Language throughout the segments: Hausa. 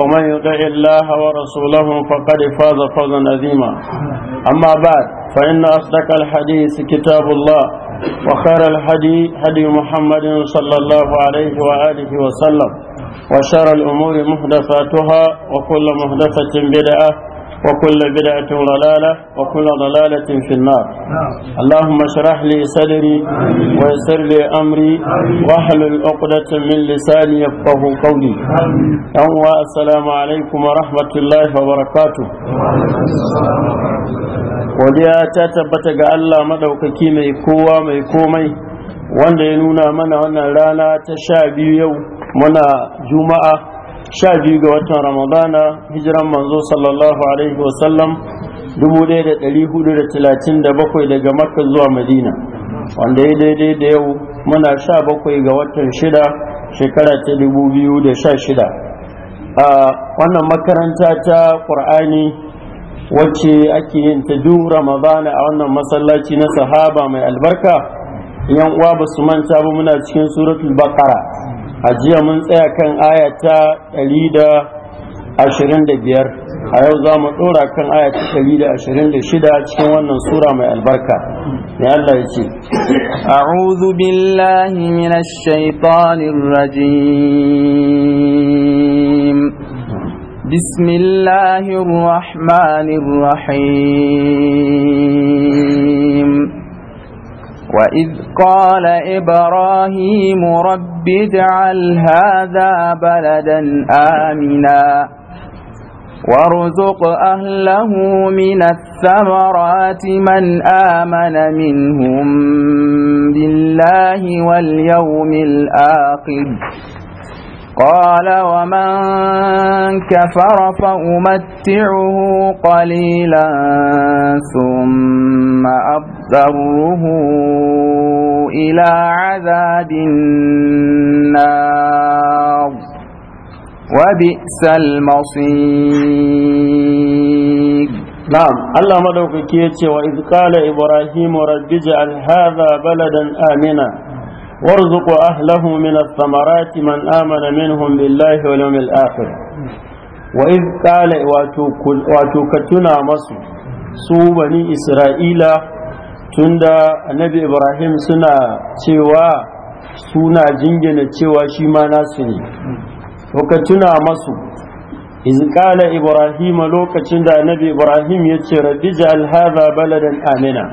ومن يطع الله ورسوله فقد فاز فوزا عظيما أما بعد فإن أصدق الحديث كتاب الله وخير الهدي هدي محمد صلى الله عليه وآله وسلم وشر الأمور محدثاتها وكل محدثة بدعة وكل بدعة ضلالة وكل ضلالة في النار اللهم اشرح لي صدري ويسر لي أمري واحلل عقدة من لساني يفقه قولي أو السلام عليكم ورحمة الله وبركاته godiya ta tabbata ga Allah madaukaki mai kowa mai komai wanda ya nuna mana wannan rana ta sha biyu yau muna juma'a sha biyu ga watan ramadana hijiran manzo sallallahu alaihi wasallam 1437 daga makka zuwa madina wanda ya daidai da yau muna sha bakwai ga watan shida shekara ta 2016 a wannan makaranta ta ƙur'ani wacce ake yin ta duk ramadana a wannan masallaci na sahaba mai albarka yan uwa ba su manta ba muna cikin suratul baqara ajiya mun tsaya kan aya ta 125 a yau za mu ɗora kan aya ta 126 cikin wannan sura mai albarka ya Allah ya ce a'udhu billahi minash shaitanir rajim bismillahir rahmanir rahim وإذ قال إبراهيم رب اجعل هذا بلدا آمنا وارزق أهله من الثمرات من آمن منهم بالله واليوم الآخر قال ومن كفر فأمتعه قليلا ثم أضره إلى عذاب النار وبئس المصير نعم الله مدوك كيتي وإذ قال إبراهيم رب اجعل هذا بلدا آمنا وارزق أهله من الثمرات من آمن منهم بالله واليوم الآخر وإذ قال واتوكتنا مصر su bani Isra'ila tunda annabi Ibrahim suna cewa suna jingina cewa shi ma nasu ne ka tuna masu izkala Ibrahim lokacin da annabi Ibrahim ya ce radija alhaza baladan amina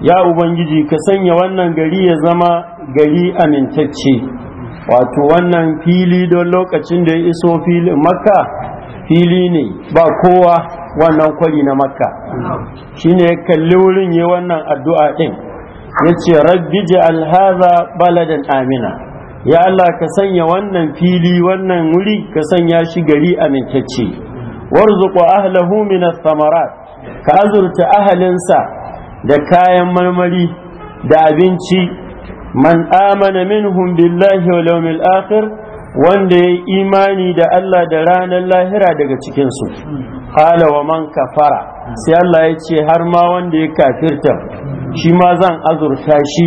ya ubangiji ka sanya wannan gari ya zama gari amintacce wato wannan fili don lokacin da ya iso filin makka fili ne ba kowa wannan kwari na makka Shi ne ya kalli wurin ya wannan addu'a ɗin ya ce rabbi ji alhaza baladan amina ya Allah ka sanya wannan fili wannan wuri ka sanya shi gari amintacce warzuqu ahlahu min samarat ka azurta ahalinsa da kayan marmari da abinci man amana minhum billahi wal yawmil akhir wanda ya imani da Allah da ranar lahira daga cikin su qala wa man kafara sai Allah ya ce har ma wanda ya kafirta shi ma zan azurta shi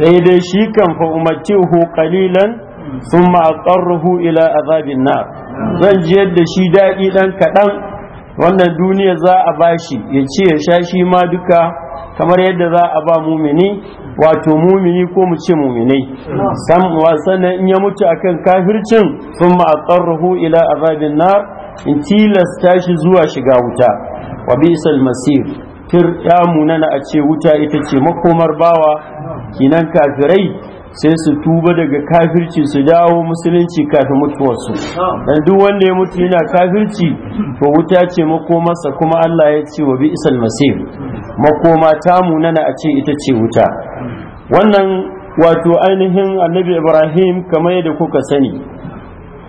sai dai shi kan fa umattihu qalilan thumma aqarruhu ila azabin nar zan je da shi daɗi ɗan kaɗan wannan duniya za a bashi ya ce ya sha shi ma duka kamar yadda za a ba mumini wato mumini ko mu ce muminai san wasan in ya mutu akan kafircin sun ma'aqarruhu ila azabin nar in tilasta shi zuwa shiga wuta wa bisal masir tir ya munana a ce wuta ita ce makomar bawa kinan kafirai sai su tuba daga kafirci su dawo musulunci kafin mutuwarsu dan duk wanda ya mutu yana kafirci ba wuta ce makomarsa kuma Allah ya ce wa bi isal masif makoma ta munana a ce ita ce wuta wannan wato ainihin annabi ibrahim kamar yadda kuka sani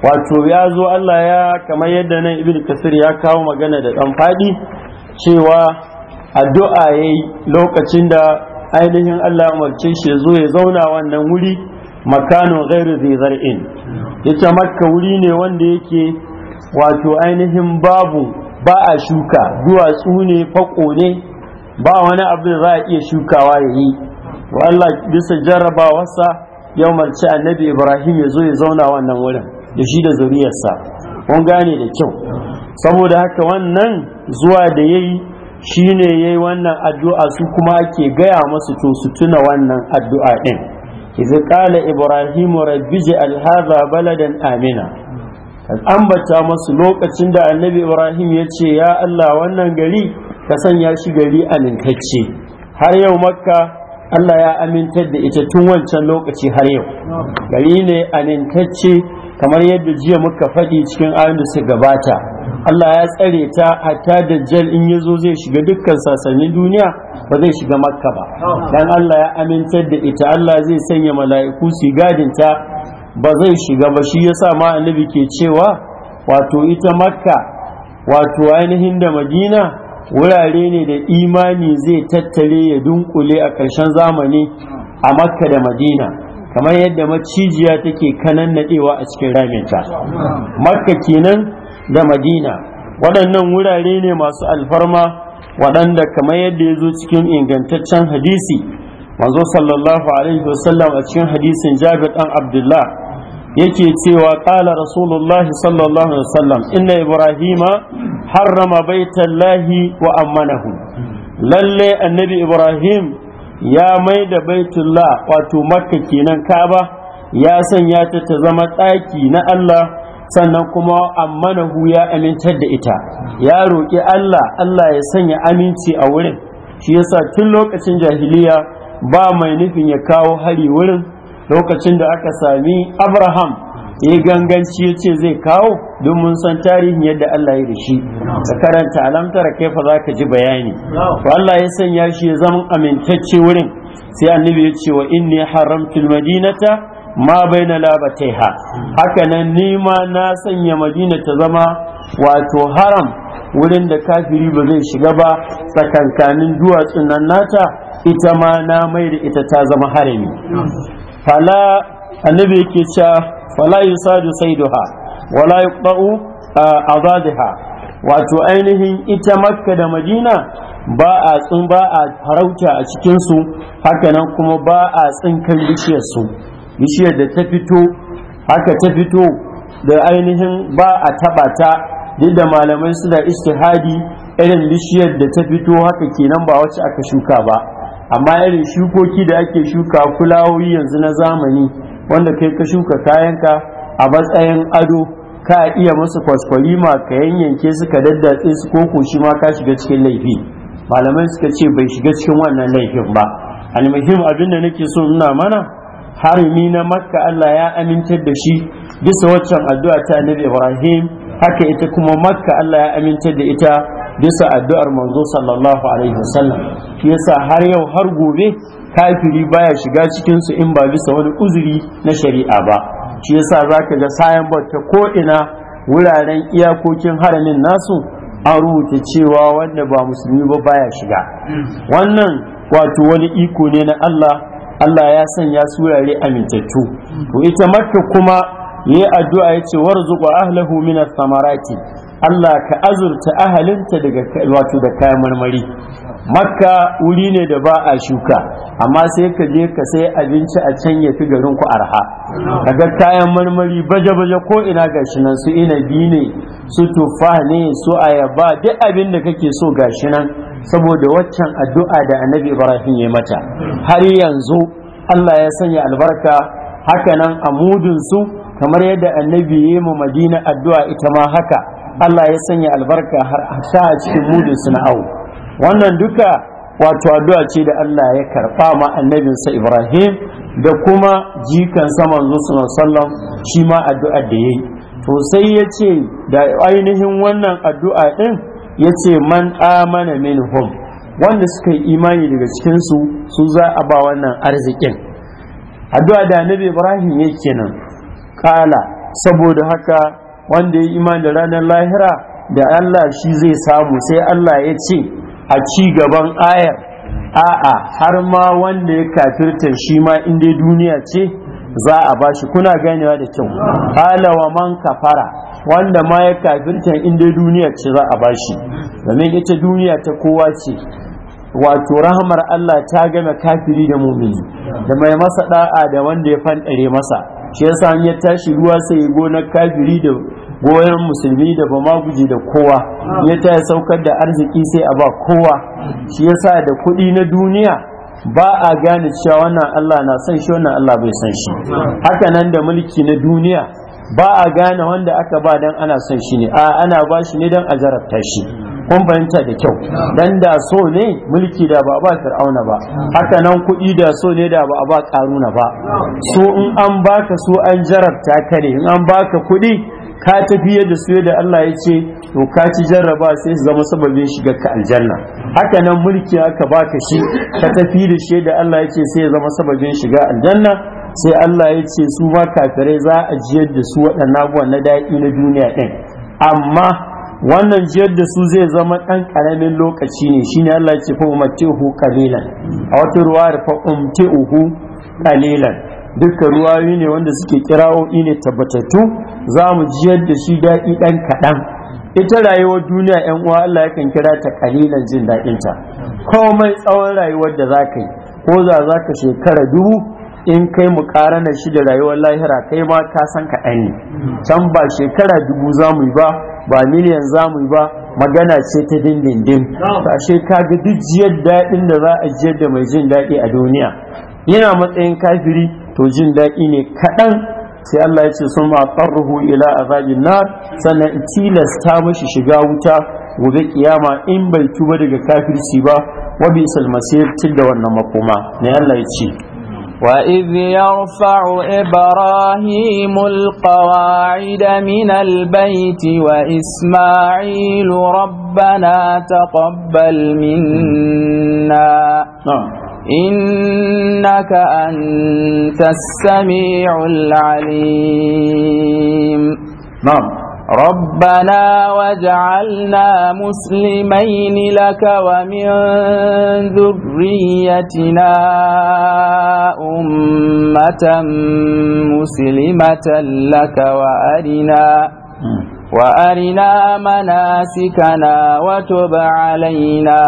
wato ya zo Allah ya kamar yadda nan ibn kasir ya kawo magana da ɗan fadi cewa addu'a yayi lokacin da ainihin Allah umarci shi zo ya zauna wannan wuri makano ghairu zai zar'in ita makka wuri ne wanda yake wato ainihin babu ba a shuka duwatsu ne fako ne ba wani abu da za a iya shukawa ya yi Allah bisa wasa ya umarci annabi Ibrahim ya zo ya zauna wannan wurin da shi da zuriyarsa kun gane da kyau saboda haka wannan zuwa da yayi shi ne ya yi wannan addu'a su kuma ke gaya masu to su tuna wannan addu'a ɗin izi ƙala ibrahimu rabbiji alhaza baladan amina ambata masu lokacin da annabi ibrahim ya ce ya allah wannan gari ka sanya shi gari a ninkacce, har yau makka allah ya amintar da ita tun wancan lokaci har yau gari ne a ninkacce. kamar yadda jiya muka faɗi cikin ayoyin da su gabata Allah ya tsare ta hatta dajjal in yazo zai shiga dukkan sassanin duniya ba zai shiga makka ba dan Allah ya amintar da ita Allah zai sanya mala'iku su gadin ta ba zai shiga ba shi yasa ma annabi ke cewa wato ita makka wato ainihin da madina wurare ne da imani zai tattare ya dunkule a ƙarshen zamani a makka da madina kamar yadda macijiya take kanan nadewa a cikin raminta makka kenan da madina waɗannan wurare ne masu alfarma waɗanda kamar yadda ya zo cikin ingantaccen hadisi manzo sallallahu alaihi wasallam a cikin hadisin jabir ɗan abdullah yake cewa ƙala rasulullahi sallallahu alaihi wasallam inna ibrahima harrama baitallahi wa ammanahu lalle annabi ibrahim ya mai da baitullah wato makka kenan kaba ya sanya ta ta zama tsaki na Allah sannan kuma ammanahu ya amintar da ita ya roƙi Allah Allah ya sanya aminci a wurin shi yasa tun lokacin jahiliya ba mai nufin ya kawo hari wurin lokacin da aka sami Abraham ya ganganci ya ce zai kawo don mun san tarihin yadda Allah ya da shi ka karanta kai kaifa za ka ji bayani to Allah ya sanya shi ya zama amintacce wurin sai annabi ya ce wa inni haramtul madinata ma baina labataiha haka nan ni ma na sanya madina ta zama wato haram wurin da kafiri ba zai shiga ba tsakankanin duwatsun nan nata ita ma na mai da ita ta zama harami fala annabi yake cewa fala yusadu saiduha wala yuqta'u azadiha wato ainihin ita makka da madina ba a tsun ba a farauta a cikinsu hakanan kuma ba a tsinkan bishiyarsu bishiyar da ta fito haka ta fito da ainihin ba a taɓa ta duk da malamai suna istihadi irin bishiyar da ta fito haka kenan ba wacce aka shuka ba amma irin shukoki da ake shuka kulawoyi yanzu na zamani wanda kai ka shuka kayanka a matsayin ado ka iya masa kwaskwalima ka yanyanke su ka daddatse su ko ko shi ma ka shiga cikin laifi malamai suka ce bai shiga cikin wannan laifin ba almuhim abin da nake so nuna mana harimi na makka Allah ya amintar da shi bisa waccan addu'a ta annabi Ibrahim haka ita kuma makka Allah ya amintar da ita bisa addu'ar manzo sallallahu alaihi wasallam yasa har yau har gobe kafiri baya shiga cikin su in ba bisa wani uzuri na shari'a ba shi yasa ka ga sayan ta ko ina wuraren iyakokin haramin nasu an rubuta cewa wanda ba musulmi ba baya shiga wannan wato wani iko ne na Allah Allah ya sanya wurare amintattu to ita makka kuma yayi addu'a yace warzuqu ahlahu minas samarati Allah ka azurta ahalinta daga wato da kayan marmari makka wuri ne da ba a shuka amma sai ka je ka sai abinci a can ya fi garin ku arha kaga kayan marmari baje-baje ko ina gashi nan su inabi ne su tufa ne su ayaba duk abin da kake so gashi nan saboda waccan addu'a da annabi ibrahim ya mata har yanzu Allah ya sanya albarka haka nan a mudun su kamar yadda annabi ya yi mu madina addu'a ita ma haka Allah ya sanya albarka har sa a cikin mudun sana'au wannan duka wato addu'a ce da Allah ya karɓa ma annabinsa Ibrahim da kuma jikan saman zuwa sallam shi ma addu'a da yayi to sai ya ce da ainihin wannan addu'a din ya ce man amana minhum wanda suka yi imani daga cikinsu su za a ba wannan arzikin addu'a da annabi Ibrahim yake nan kala saboda haka wanda ya yi da ranar lahira da Allah shi zai samu sai Allah ya ce a ci gaban ayar a'a har ma wanda ya kafirta shi ma inda duniya ce za a bashi kuna ganewa da kyau halawa man kafara wanda ma ya kafirta inda duniya ce za a bashi domin ita duniya ta kowa ce wato rahamar Allah ta gama kafiri da mumini da mai masa da'a da wanda ya fanɗare masa shi yasa ya tashi ruwa sai ya gonar kafiri da goyon musulmi da ba maguji da kowa ya ta saukar da arziki sai a ba kowa shi ya sa da kuɗi na duniya ba a gane cewa wannan Allah na san shi wannan Allah bai san shi haka nan da mulki na duniya ba a gane wanda aka ba dan ana son shi ne a ana ba shi ne dan a jarabta shi kun fahimta da kyau dan da so ne mulki da ba a ba fir'auna ba haka nan kuɗi da so ne da ba a ba karuna ba so in an baka su an jarabta ka ne in an baka kuɗi ka tafi da su yadda Allah ya ce to ka ci jarraba sai su zama sababin shiga ka aljanna haka nan mulki haka baka shi ka tafi da shi da Allah ya ce sai ya zama sababin shiga aljanna sai Allah ya ce su ma kafirai za a jiyar da su waɗannan abuwa na daɗi na duniya ɗin amma wannan jiyar da su zai zama ɗan ƙaramin lokaci ne shine Allah ya ce fa umtihu qalilan a wata ruwa fa umtihu qalilan dukkan ruwayoyi ne wanda suke kirawo'i ne tabbatattu za mu ji yadda shi daɗi ɗan kaɗan ita rayuwar duniya yan uwa Allah yakan kira ta kalilan jin daɗinta mai tsawon rayuwar da za ka yi ko za za ka shekara dubu in kai mu na shi da rayuwar lahira kai ma ka san kaɗan ne can ba shekara dubu za mu yi ba ba miliyan za mu yi ba magana ce ta dindindin ashe ka ga duk jiyar daɗin da za a jiyar da mai jin daɗi a duniya yana matsayin kafiri to jin daɗi ne kaɗan sai Allah ya ce sun ma'atarruhu ila azabin nar sannan tilasta mashi shiga wuta gobe kiyama in bai tuba daga kafirci ba wa bi salmasir til da wannan makoma ne Allah ya ce وإذ يرفع إبراهيم القواعد من البيت وإسماعيل ربنا تقبل minna. إنك أنت السميع العليم نعم ربنا وجعلنا مسلمين لك ومن ذريتنا أمة مسلمة لك وأرنا وأرنا مناسكنا وتب علينا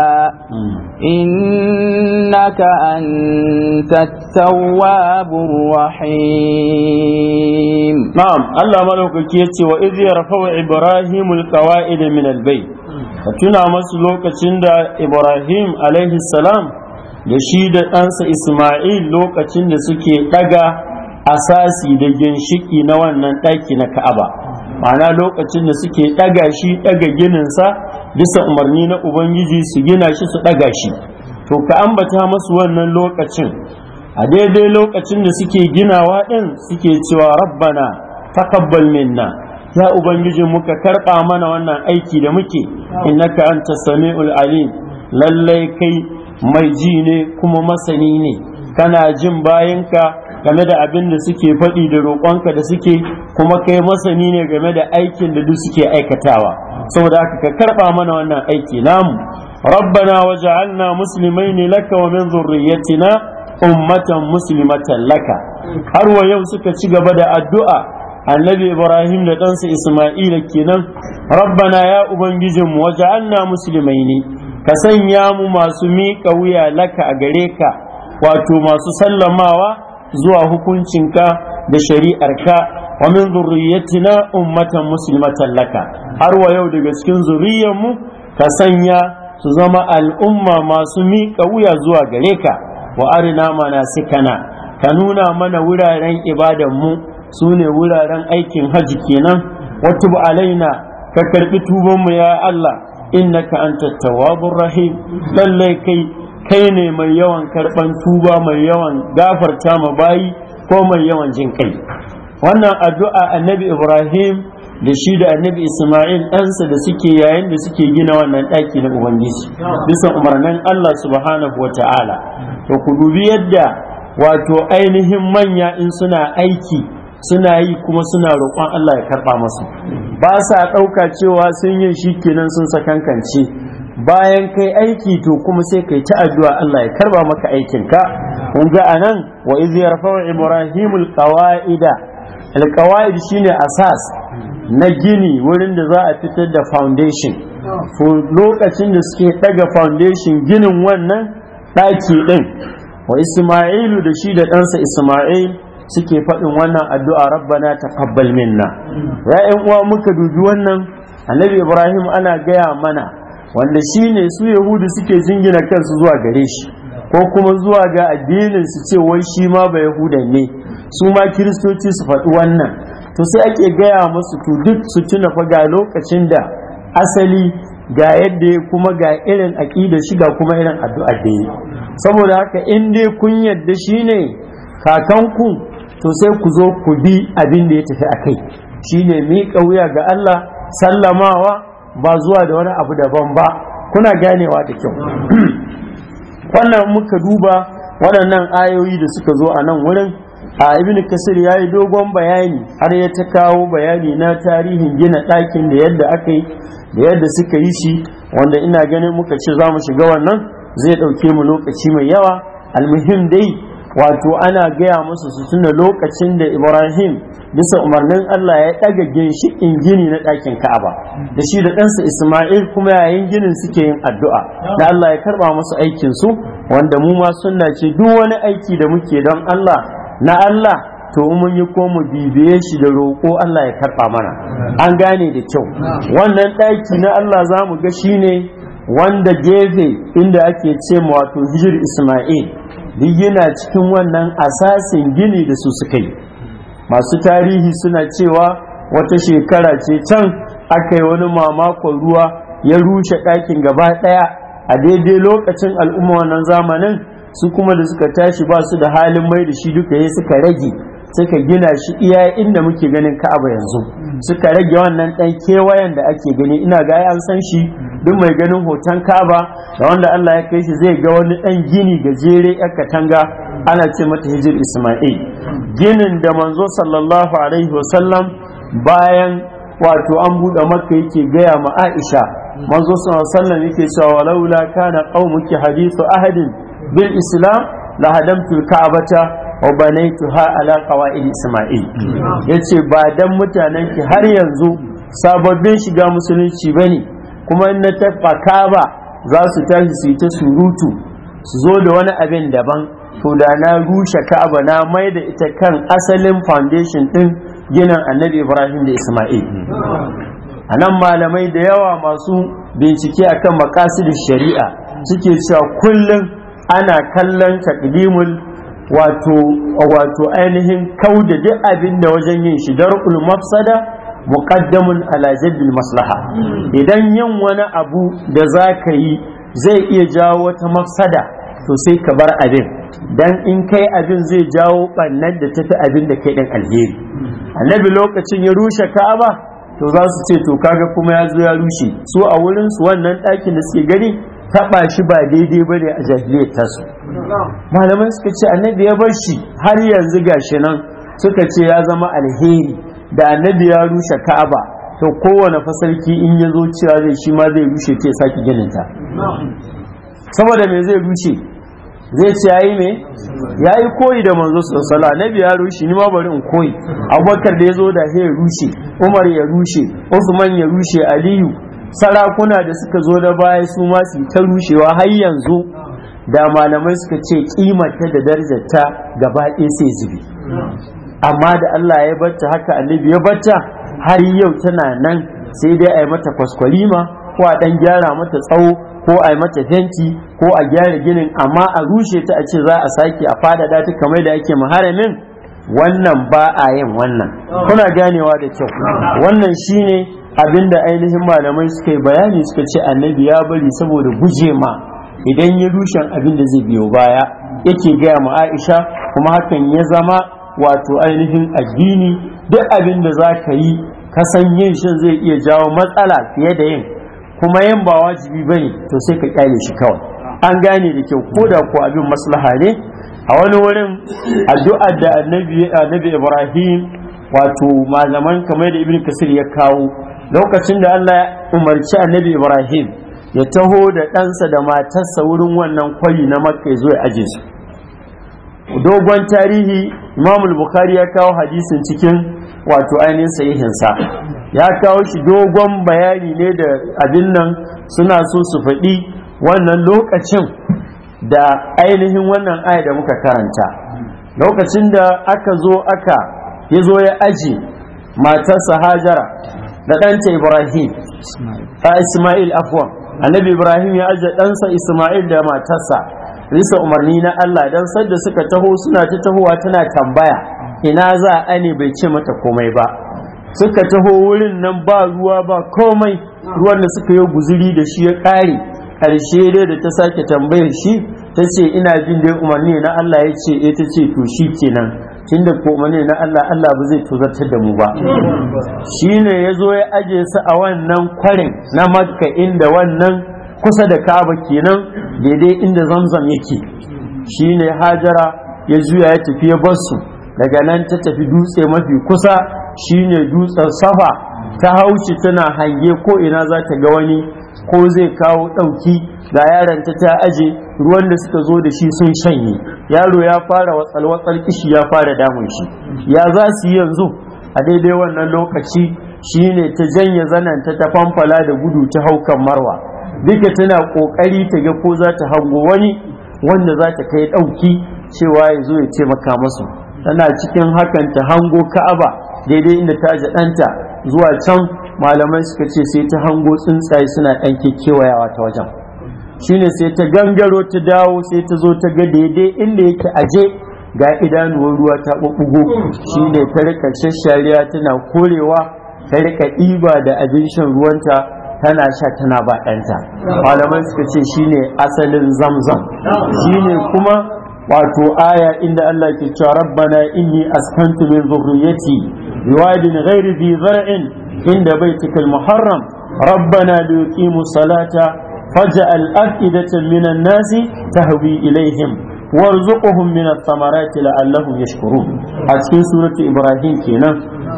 إنك أنت التواب الرحيم نعم الله ملوك كيتي وإذ يرفع إبراهيم القواعد من البيت فتنا مسلوك تند إبراهيم عليه السلام يشيد أنس إسماعيل لوك تند سكي تجا أساسي دجنشكي نوان تاكي نكأبا ma'ana lokacin da suke ɗaga shi ɗaga gininsa bisa umarni na ubangiji su gina shi su ɗaga shi to ka ambata masu wannan lokacin a daidai lokacin da suke ginawa ɗin suke cewa rabbana taqabbal minna ya ubangiji muka karɓa mana wannan aiki da muke innaka anta sami'ul alim lallai kai mai ji ne kuma masani ne kana jin bayanka game da abin da suke faɗi da roƙonka da suke kuma kai masani ne game da aikin da duk suke aikatawa saboda haka ka karɓa mana wannan aiki namu rabbana waj'alna muslimaini laka wa min dhurriyyatina ummatan muslimatan laka har wa yau suka ci gaba da addu'a annabi ibrahim da ɗansa isma'ila kenan rabbana ya ubangijinmu waja'alna musulmai ne ka sanya mu masu miƙa wuya laka a gare ka wato masu sallamawa zuwa hukuncinka da shari'arka wa min zurriyatina ummatan muslimatan laka har wa yau daga cikin zuriyarmu ka sanya su zama al'umma masu miƙa wuya zuwa gare ka wa arina mana sikana ka nuna mana wuraren mu su ne wuraren aikin hajji kenan ba alaina ka karɓi tubanmu ya Allah innaka anta tawwabur rahim lallai kai kai ne mai yawan karban tuba mai yawan gafarta ma bayi ko mai yawan jin kai wannan addu'a annabi ibrahim da shi da annabi isma'il ɗansa da suke yayin da suke gina wannan ɗaki na ubangiji bisa umarnin allah subhanahu wata'ala to ku dubi yadda wato ainihin manya in suna aiki suna yi kuma suna roƙon allah ya karɓa masu ba sa ɗauka cewa sun yin shi kenan sun sakankance bayan kai aiki to kuma sai kai ta addu'a Allah ya karba maka aikinka kun ga anan wa iz yarfa ibrahim alqawaida alqawaid shine asas na gini wurin da za a fitar da foundation to lokacin da suke daga foundation ginin wannan daki din wa isma'ilu da shi da ɗansa isma'il suke faɗin wannan addu'a rabbana taqabbal minna ya uwa muka dubi wannan annabi ibrahim ana gaya mana wanda shi ne su yahudu suke jingina kansu zuwa gare shi ko kuma zuwa ga addinin su ce wai shi ma ba yahuda ne su ma kiristoci su faɗi wannan to sai ake gaya musu to duk su tuna fa ga lokacin da asali ga yadda kuma ga irin aƙida shi ga kuma irin addu'a da yi saboda haka in dai kun yadda shi ne kakanku to sai ku zo ku bi abin da ya tafi a kai ne miƙa wuya ga Allah sallamawa ba zuwa da wani abu daban ba kuna ganewa da kyau wannan muka duba waɗannan ayoyi da suka zo a nan wurin a ibn kasir ya yi dogon bayani har ya ta kawo bayani na tarihin gina ɗakin da yadda aka yi da yadda suka yi shi wanda ina ganin muka ce za mu shiga wannan zai ɗauke mu lokaci mai yawa almuhim dai wato ana gaya musu su tuna lokacin da ibrahim bisa umarnin allah ya ɗaga in gini na ɗakin ka'aba da shi da ɗansa isma'il kuma yayin ginin suke yin addu'a da allah ya karɓa musu aikinsu wanda mu ma sunna ce duk wani aiki da muke don allah na allah to mun yi ko mu bibiye shi da roƙo Allah ya karɓa mana an gane da kyau wannan ɗaki na Allah za mu ga shine wanda gefe inda ake ce wato hijir Ismail duk yana cikin wannan asasin gini da su suka yi masu tarihi suna cewa wata shekara ce can aka yi wani mamakon ruwa ya rushe ɗakin gaba ɗaya a daidai lokacin al'umma wannan zamanin su kuma da suka tashi ba su da halin mai da shi duka ya suka rage Sai ka gina shi iya inda muke ganin ka'aba yanzu suka rage wannan ɗan kewayen da ake gani ina ga an san shi duk mai ganin hoton ka'aba da wanda Allah ya kai shi zai ga wani ɗan gini gajere ya katanga ana ce mata hijir isma'il ginin da manzo sallallahu alaihi wasallam bayan wato an buɗe maka yake gaya ma aisha manzo sallallahu alaihi wasallam yake cewa walaula kana qaumuki hadithu ahadin bil islam la ka'abata obanaitu ha ala qawaid isma'il yace ba dan mutanen ki har yanzu sababbin shiga musulunci ba ne kuma in na tafaka ba za su tashi su ta surutu su zo da wani abin daban to da na rushe ka'aba na mai da ita kan asalin foundation din ginin annabi ibrahim da isma'il a nan malamai da yawa masu bincike akan makasidin shari'a suke cewa kullum ana kallon takdimul wato wato ainihin kauda duk abin da wajen yin shi darul mafsada muqaddamun ala jaddil maslaha idan yin wani abu da zaka yi zai iya jawo wata mafsada to sai ka bar abin dan in kai abin zai jawo bannan da tafi abin da kai dan alheri annabi lokacin ya rushe ka'aba to za su ce to kaga kuma ya ya rushe su a wurin su wannan ɗakin da suke gani taɓa shi ba daidai ba ne a jahiliyar tasu malamai suka ce annabi ya bar shi har yanzu gashi nan suka ce ya zama alheri da annabi ya rushe ka'aba to kowane fasarki in ya zo cewa zai shi ma zai rushe ce sake gininta saboda me zai rushe zai ce yayi me yayi koyi da manzo sallallahu annabi ya rushe ni ma bari in koyi abubakar da ya zo da ya rushe umar ya rushe usman ya rushe aliyu sarakuna da suka zo na baya su ma su ta rushewa har yanzu da malamai suka ce kimarta da darajarta gaba ɗaya sai zubi amma da Allah ya barta haka annabi ya barta har yau tana nan sai dai a yi mata kwaskwalima ko a ɗan gyara mata tsawo ko a yi mata fenti ko a gyara ginin amma a rushe ta a ce za a sake a fadada ta kamar da ake maharamin wannan ba a yin wannan kuna ganewa da kyau wannan shine abinda ainihin malamai suka yi bayani suka ce annabi ya bari saboda guje ma idan ya rushen abin da zai biyo baya yake gaya ma aisha kuma hakan ya zama wato ainihin addini duk abin da za ka yi san yin shin zai iya jawo matsala fiye da yin kuma yin ba wajibi ba ne to sai ka kyale shi kawai an gane da kyau ko da ko abin maslaha ne a wani wurin addu'ar da annabi ibrahim wato malaman kamar da ibn kasir ya kawo lokacin da Allah ya umarci annabi Ibrahim ya taho da ɗansa da matarsa wurin wannan kwari na makka zuwa ajin su dogon tarihi imam bukhari ya kawo hadisin cikin wato ainihin sahihinsa ya kawo shi dogon bayani ne da abin nan suna so su faɗi wannan lokacin da ainihin wannan aya da muka karanta lokacin da aka zo aka ya zo ya aji, matarsa hajara da ɗanta ibrahim a ismail afwan annabi ibrahim ya ajiye ɗansa ismail da matarsa bisa umarni na allah don sadda suka taho suna ta tahowa tana tambaya ina za a ne bai ce mata komai ba suka taho wurin nan ba ruwa ba komai ruwan da suka yi guzuri da shi ya ƙare ƙarshe dai da ta sake tambayar shi ta ce ina jin dai umarni na allah ya ce ita eh, to shi kenan tun da komane na Allah Allah ba zai tuzartar da mu ba shine ya zo ya aje su a wannan kwarin na makka inda wannan kusa da kaba kenan daidai inda zamzam yake shine hajara ya juya ya tafi ya basu daga nan ta tafi dutse mafi kusa shine dutsen safa ta hauci tana hange ko ina za ta ga wani ko zai kawo ɗauki ga yaron ta ta aje ruwan da suka zo da shi sun shanye yaro ya fara watsal watsal kishi ya fara damun shi ya za su yi yanzu a daidai wannan lokaci shine ta janye zananta ta famfala da gudu ta haukan marwa duka tana ƙoƙari ta ga ko za ta hango wani wanda za ta kai ɗauki cewa ya zo ya taimaka masu tana cikin hakan ta hango ka'aba daidai inda ta ji ɗanta zuwa can malamai suka ce sai ta hango tsuntsaye suna ɗan kekewayawa ta wajen shine sai ta gangaro ta dawo sai ta zo ta ga daidai inda yake aje ga idanuwar ruwa ta ɓuɓɓugo shine ta rika shashariya tana korewa ta rika ɗiba da abin shan ruwanta tana sha tana baɗanta. Malamai suka ce shine asalin zamzam shine kuma wato aya inda Allah ke cewa rabbana inni askantu min zurriyyati biwadin ghairi bi zar'in inda bai baitikal muharram rabbana liqimu salata faj'al afidatan minan nasi tahwi ilaihim warzuqhum min ath la'allahu la'allahum yashkurun a cikin surati ibrahim kenan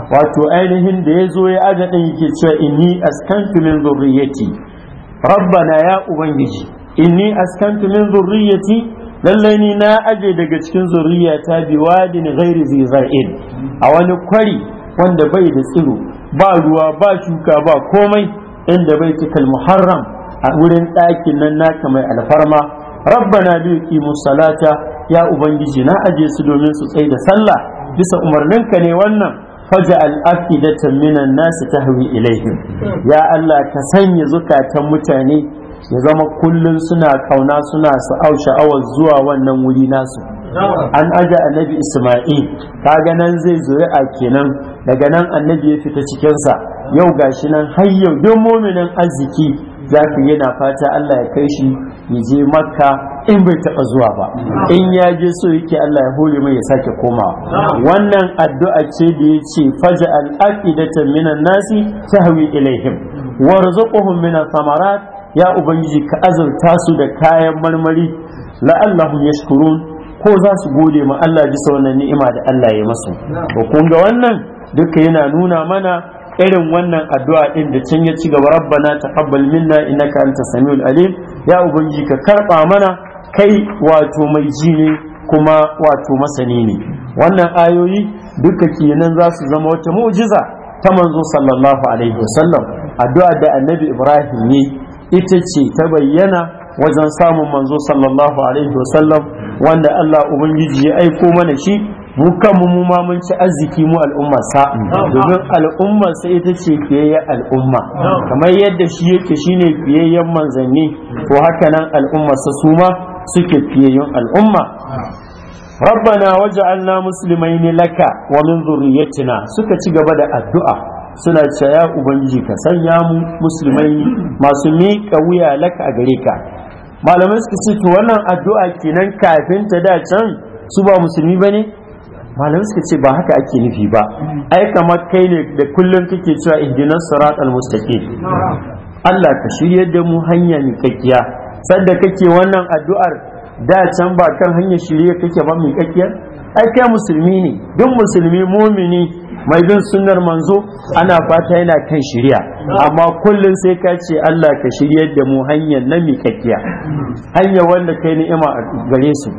wato ainihin da ya zo ya aja din yake cewa inni askantu min dhurriyyati rabbana ya ubangiji inni askantu min dhurriyyati lallai ni na aje daga cikin zuriya ta biwadin ghairi zizar'in a wani kwari wanda bai da tsiru. ba ruwa ba shuka ba komai inda bai cikal muharram a wurin ɗakin nan naka mai alfarma rabbana bi yuqimu salata ya ubangiji na aje su domin su tsaye da sallah bisa umarninka ne wannan faja da afidatan minan nas tahwi ilaihim ya Allah ka sanya zukatan mutane ya zama kullun suna kauna suna sa'au sha'awar zuwa wannan wuri nasu an aje annabi isma'il kaga nan zai a kenan daga nan annabi ya fita cikinsa yau gashi nan har yau duk muminin arziki zaka yana fata Allah ya kai shi ya je makka in bai taɓa zuwa ba in ya je so yake Allah ya hore mai ya sake komawa wannan addu'a ce da ya ce faja al'aqidatan minan nasi tahwi ilaihim warzuqhum minan samarat ya ubangiji ka azurta su da kayan marmari la'allahum yashkurun ko za su gode ma Allah bisa wannan ni'ima da Allah ya masu ba kun ga wannan duka yana nuna mana irin wannan addu'a din da can ya ci gaba rabbana taqabbal minna innaka antas samiul alim ya ubangiji ka karba mana kai wato mai ji ne kuma wato masani ne wannan ayoyi duka kenan za su zama wata mu'jiza ta manzo sallallahu alaihi wasallam addu'a da annabi ibrahim ne ita ce ta bayyana wajen samun manzo sallallahu alaihi wasallam wanda Allah ubangiji ya aiko mana shi mu kanmu mu ma mun ci arziki mu al'umma sa domin al'umma sai ita ce fiyayya al'umma kamar yadda shi yake shine fiyayyen manzanni ko haka nan al'umma sa su ma suke fiyayyen al'umma rabbana waj'alna muslimaini laka wa min dhurriyyatina suka ci gaba da addu'a suna cewa ya ubangiji ka sanya mu musulmai masu miƙa wuya laka a gare ka malamai suka ce to wannan addu'a kenan kafin ta da can su ba musulmi bane malamai suka ce ba haka ake nufi ba ai kamar kai ne da kullum kake cewa ihdinas siratal mustaqim Allah ka shiryar da mu hanya miƙaƙiya sanda kake wannan addu'ar da can ba kan hanyar shirye kake ba kakkiya ai kai musulmi ne duk musulmi mumini mai bin sunnar manzo ana fata yana kan shirya amma kullum sai ka ce Allah ka shirya da mu hanyar na miƙaƙiya hanyar wanda kai ni'ima a gare su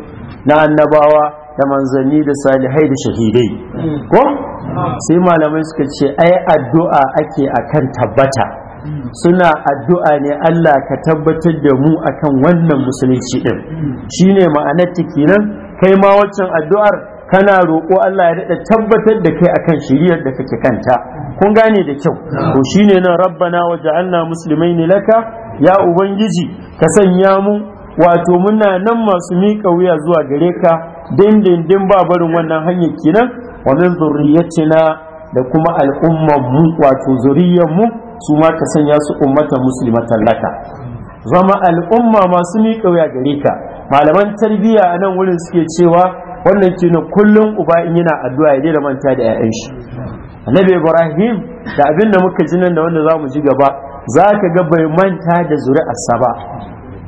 na annabawa da manzanni da salihai da shahidai ko sai malamai suka ce ai addu'a ake akan tabbata suna addu'a ne Allah ka tabbatar da mu akan wannan musulunci din shine ma'anar kenan kai ma waccan addu'ar kana roƙo Allah ya daɗa tabbatar da kai akan shiriyar da kake kanta kun gane da kyau to shine nan rabbana waja'alna muslimaini laka ya ubangiji ka sanya mu wato muna nan masu miƙa wuya zuwa gare ka dindindin ba barin wannan hanyar kenan wa min zurriyyatina da kuma al'ummar mu wato zuriyar mu su ma ka sanya su ummata muslimatan laka zama al'umma masu miƙa wuya gare ka malaman tarbiyya a nan wurin suke cewa wannan ce na kullum uba in yana addu'a ya daina manta da 'ya'yan shi annabi ibrahim da abin da muka ji nan da wanda zamu ji gaba za ka ga bai manta da zuri'arsa ba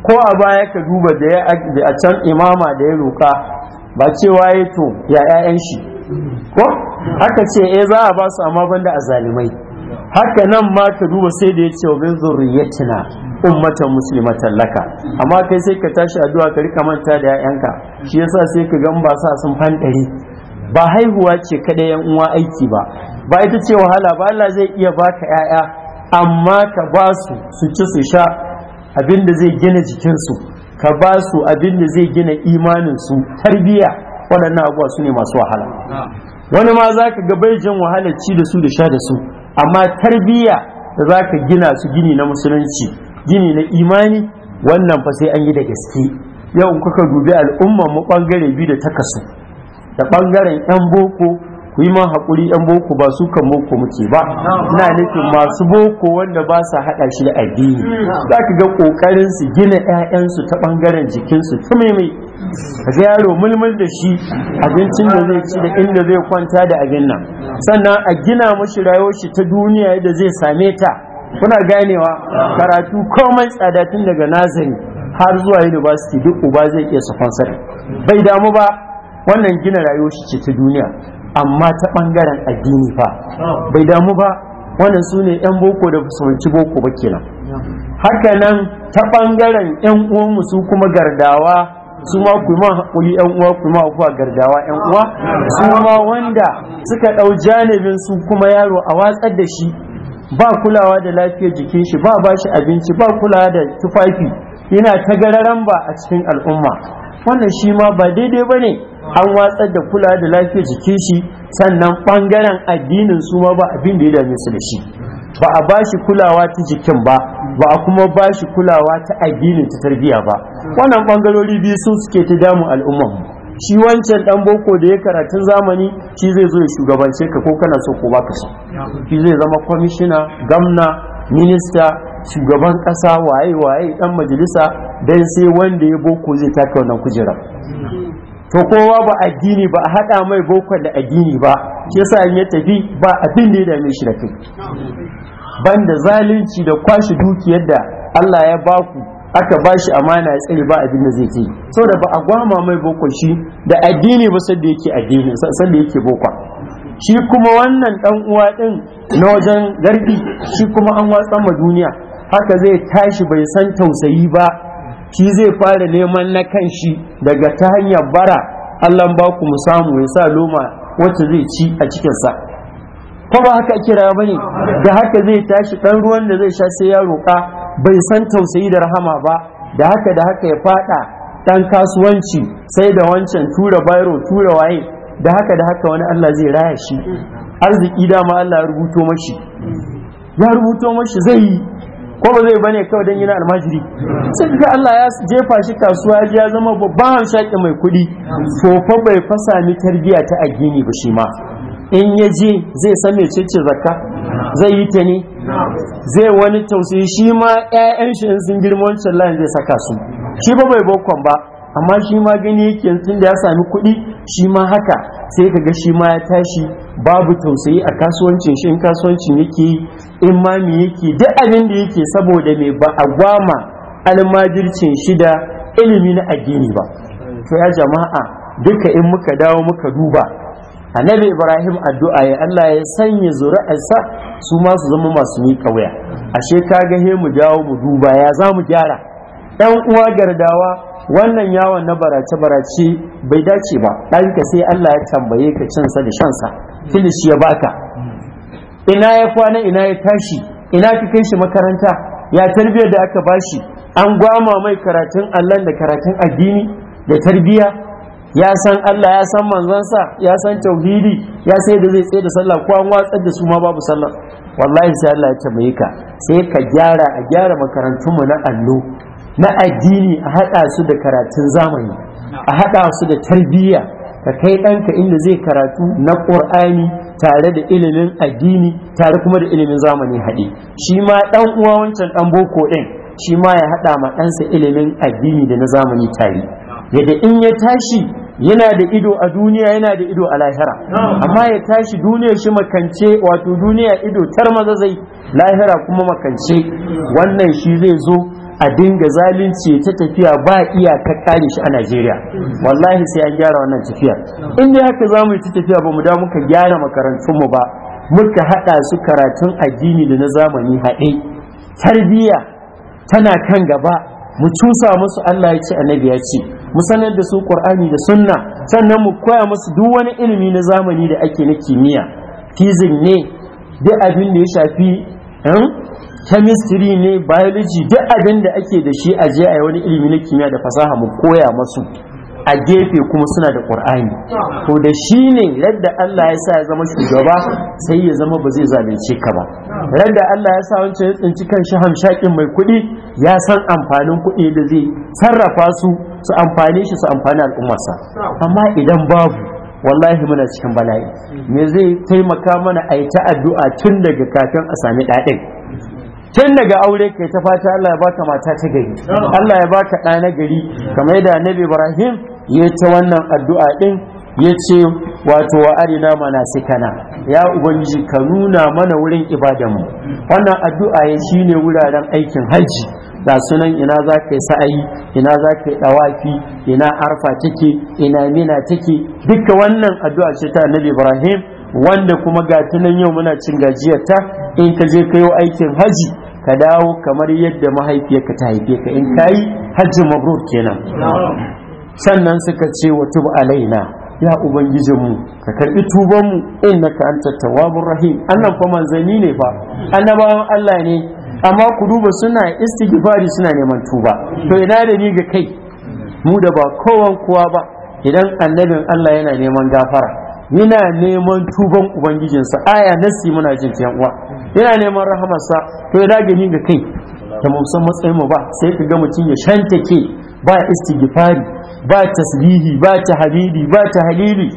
ko a baya ka duba da ya a can imama da ya roka ba cewa ya to ya 'ya'yan shi ko haka ce eh za a ba su amma banda a zalimai haka nan ma ka duba sai da ya ce wa bin zuriyatina ummatan muslimatan laka amma kai sai ka tashi addu'a ka rika manta da 'ya'yanka shi yasa sai ka gan ba sa sun fanɗare ba haihuwa ce kada yan uwa aiki ba ba ita ce wahala ba Allah zai iya baka 'ya'ya. amma ka ba su su ci su sha abin da zai gina jikinsu ka ba su abin da zai gina imanin su tarbiyya waɗannan abuwa su ne masu wahala wani ma za ka ga bai jin wahalar ci da su da sha da su amma tarbiyya da za ka gina su gini na musulunci gini na imani wannan fa sai an yi da gaske yau kuka dubi al'ummar mu bangare biyu da takasu, da bangaren yan boko ku yi ma haƙuri yan boko ba su kan boko muke ba na nufin masu boko wanda ba sa haɗa shi da addini za ka ga ƙoƙarin su gina 'ya'yansu ta bangaren jikinsu ta maimai a ga yaro mulmul da shi abincin da zai ci da inda zai kwanta da abin nan sannan a gina mashi rayuwar shi ta duniya yadda zai same ta kuna ganewa karatu komai tsada tun daga nazari har zuwa university duk uba zai iya sponsor bai damu ba wannan gina rayuwar shi ce ta duniya amma ta bangaren addini fa bai damu ba wannan su ne yan boko da fusanci boko ba kenan haka nan ta bangaren yan uwanmu su kuma gardawa su ma ku ma hakuri yan uwa ku ma ku gardawa yan uwa su ma wanda suka ɗau janibin su kuma yaro a watsar da shi ba kulawa da lafiyar jikin shi ba bashi abinci ba kulawa da tufafi yana ta ba a cikin al'umma wannan shi ma ba daidai ba ne an watsar da kula da lafiyar jiki shi sannan ɓangaren addinin su ma ba abin da ya dame su da shi ba a ba shi kulawa ta jikin ba ba a kuma ba shi kulawa ta addinin ta tarbiyya ba wannan ɓangarori biyu sun suke ta damun al'umma shi wancan dan boko da ya karatun zamani shi zai zo ya shugabance ka ko kana so ko baka so shi zai zama kwamishina gamna minista shugaban ƙasa waye waye ɗan majalisa dan sai wanda ya boko zai taka wannan kujera to kowa ba addini ba a haɗa mai boko da addini ba shi yasa in ya tafi ba abin da ya dame shi da kai banda zalunci da kwashi dukiyar da Allah ya baku aka ba shi amana ya tsare ba abin da zai so saboda ba a gwama mai boko shi da addini ba sanda yake addini sanda yake boko shi kuma wannan ɗan uwa din na wajen garbi shi kuma an watsa ma duniya haka zai tashi bai san tausayi ba shi zai fara neman na kan shi daga ta hanyar bara allan ba ku mu samu ya sa loma wacce zai ci a cikinsa ko ba haka kira ba ne da haka zai tashi ɗan ruwan da zai sha sai ya roƙa bai san tausayi da rahama ba da haka da haka ya faɗa ɗan kasuwanci sai da wancan tura bayro tura waye da haka da haka wani Allah zai raya shi arziki dama Allah ya rubuto mashi ya rubuto mashi zai yi ko ba zai bane kawai dan yana almajiri sai ga Allah ya jefa shi kasuwa ya zama babban hamshaki mai kuɗi to fa bai fasa mi tarbiya ta addini ba shi ma in ya je zai san cece zakka zai yi ta ne zai wani tausayi shi ma 'ya'yan shi in sun girma wancan layin zai saka su shi ba bai bokon ba amma shi ma gani yake tun da ya sami kuɗi shi ma haka sai ka ga shi ma ya tashi babu tausayi a kasuwancin shi in kasuwancin yake in mami yake duk abin da yake saboda mai ba a gwama almajircin shida ilimi na addini ba to ya jama'a duka in muka dawo muka duba annabi ibrahim addu'a ya allah ya sanya zuri'arsa su ma su zama masu ni kauya ashe ka ga he mu dawo mu duba ya za mu gyara dan uwa gardawa wannan yawon na barace-barace bai dace ba Ɗan ka sai Allah ya tambaye ka cinsa da shansa filis ya baka ina ya kwana ina ya tashi ina ka kai shi makaranta ya tarbiyar da aka bashi an gwama mai karatun Allah da karatun addini da tarbiya? ya san Allah ya san manzansa ya san tauhidi ya sai da zai tsaye da sallah ko an watsar da su ma babu sallah wallahi sai Allah ya tambaye ka sai ka gyara a gyara makarantun mu na allo na addini a haɗa su da karatun zamani a haɗa su da tarbiyya ka kai ɗanka inda zai karatu na ƙur'ani tare da ilimin addini tare kuma da ilimin zamani haɗe shi ma ɗan uwa wancan ɗan boko ɗin shi ma ya haɗa ma ɗansa ilimin addini da na zamani tare yadda in ya tashi yana da ido a duniya yana da ido a lahira amma ya tashi duniya shi makance wato duniya ido tar maza zai lahira kuma makance wannan shi zai zo a dinga zalunci ta tafiya ba iya ta kare shi a Najeriya wallahi sai an gyara wannan tafiyar Inda dai haka za mu yi ta tafiya ba mu da muka gyara makarantun mu ba muka hada su karatun addini da na zamani haɗe tarbiyya tana kan gaba mu cusa musu Allah ya ce annabi ya ce mu sanar da su Qur'ani da Sunna sannan mu koya musu duk wani ilimi na zamani da ake na kimiyya fizin ne duk abin da ya shafi hmm, chemistry ne biology duk abin da ake da shi a je a wani ilimi na kimiyya da fasaha mu koya masu a gefe kuma suna da ƙur'ani to da shi ne yadda Allah ya sa ya zama shugaba sai ya zama ba zai zalunce ka ba yadda Allah ya sa wancan ya tsinci kan shi hamshakin mai kuɗi ya san amfanin kuɗi da zai sarrafa su su amfane shi su amfani al'ummarsa amma idan babu wallahi muna cikin bala'i me zai taimaka mana a yi ta addu'a tun daga kafin a sami ɗaɗin tun daga aure kai ta fata Allah ya baka mata ta gari Allah ya baka ɗa na gari kamar yadda annabi Ibrahim ya ce wannan addu'a din ya ce wato wa arina manasikana ya ubangiji ka nuna mana wurin ibadanmu wannan addu'a ya shine wuraren aikin hajji ga sunan ina za ka yi sa'ayi ina za ka yi ɗawafi ina arfa take ina mina take duka wannan addu'a ce ta annabi ibrahim wanda kuma ga tunan yau muna cin gajiyarta in ka je ka aikin haji ka dawo kamar yadda mahaifiyarka ta haife ka in ka yi hajjin mabrur kenan sannan suka ce wa tub alaina ya mu ka karbi tubanmu innaka anta tawwabur rahim annan fa manzanni ne fa annabawan Allah ne amma ku duba suna istighfari suna neman tuba to ina da ni ga kai mu da ba kowan kowa ba idan annabin Allah yana neman gafara yana neman tuban ubangijinsa aya nasi muna jin ta uwa yana neman rahamarsa to ya dage ni ga kai ta san matsayin mu ba sai ka ga mutum ya shantake ba istighfari ba tasbihi ba habibi, ba tahlili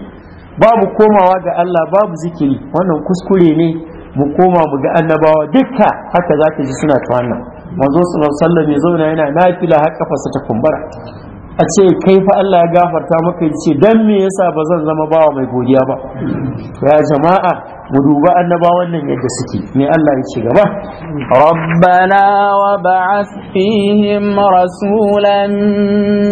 babu komawa ga Allah babu zikiri wannan kuskure ne mu koma mu ga annabawa dukka haka zaka ji suna ta wannan manzo sallallahu alaihi wasallam ya zauna yana nafila har kafarsa ta kumbura a ce kai fa Allah ya gafarta maka ya ce dan me yasa ba zan zama bawa mai godiya ba ya jama'a mu duba annabawan nan yadda suke me Allah ya ce gaba rabbana wa ba'ath fihim rasulan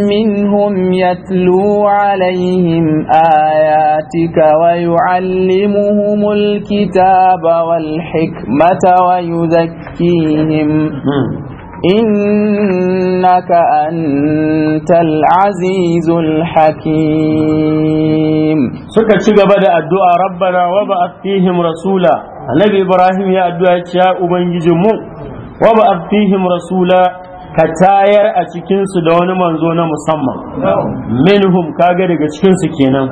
minhum yatlu alaihim ayatika wa yuallimuhumul kitaba wal hikmata wa yuzakkihim hmm. إنك أنت العزيز الحكيم سكت شغبا الدعاء ربنا وبعث فيهم رسولا النبي إبراهيم يا الدعاء يا أبنجي وبعث فيهم رسولا ka tayar a cikinsu da wani manzo na musamman minhum kaga daga cikinsu kenan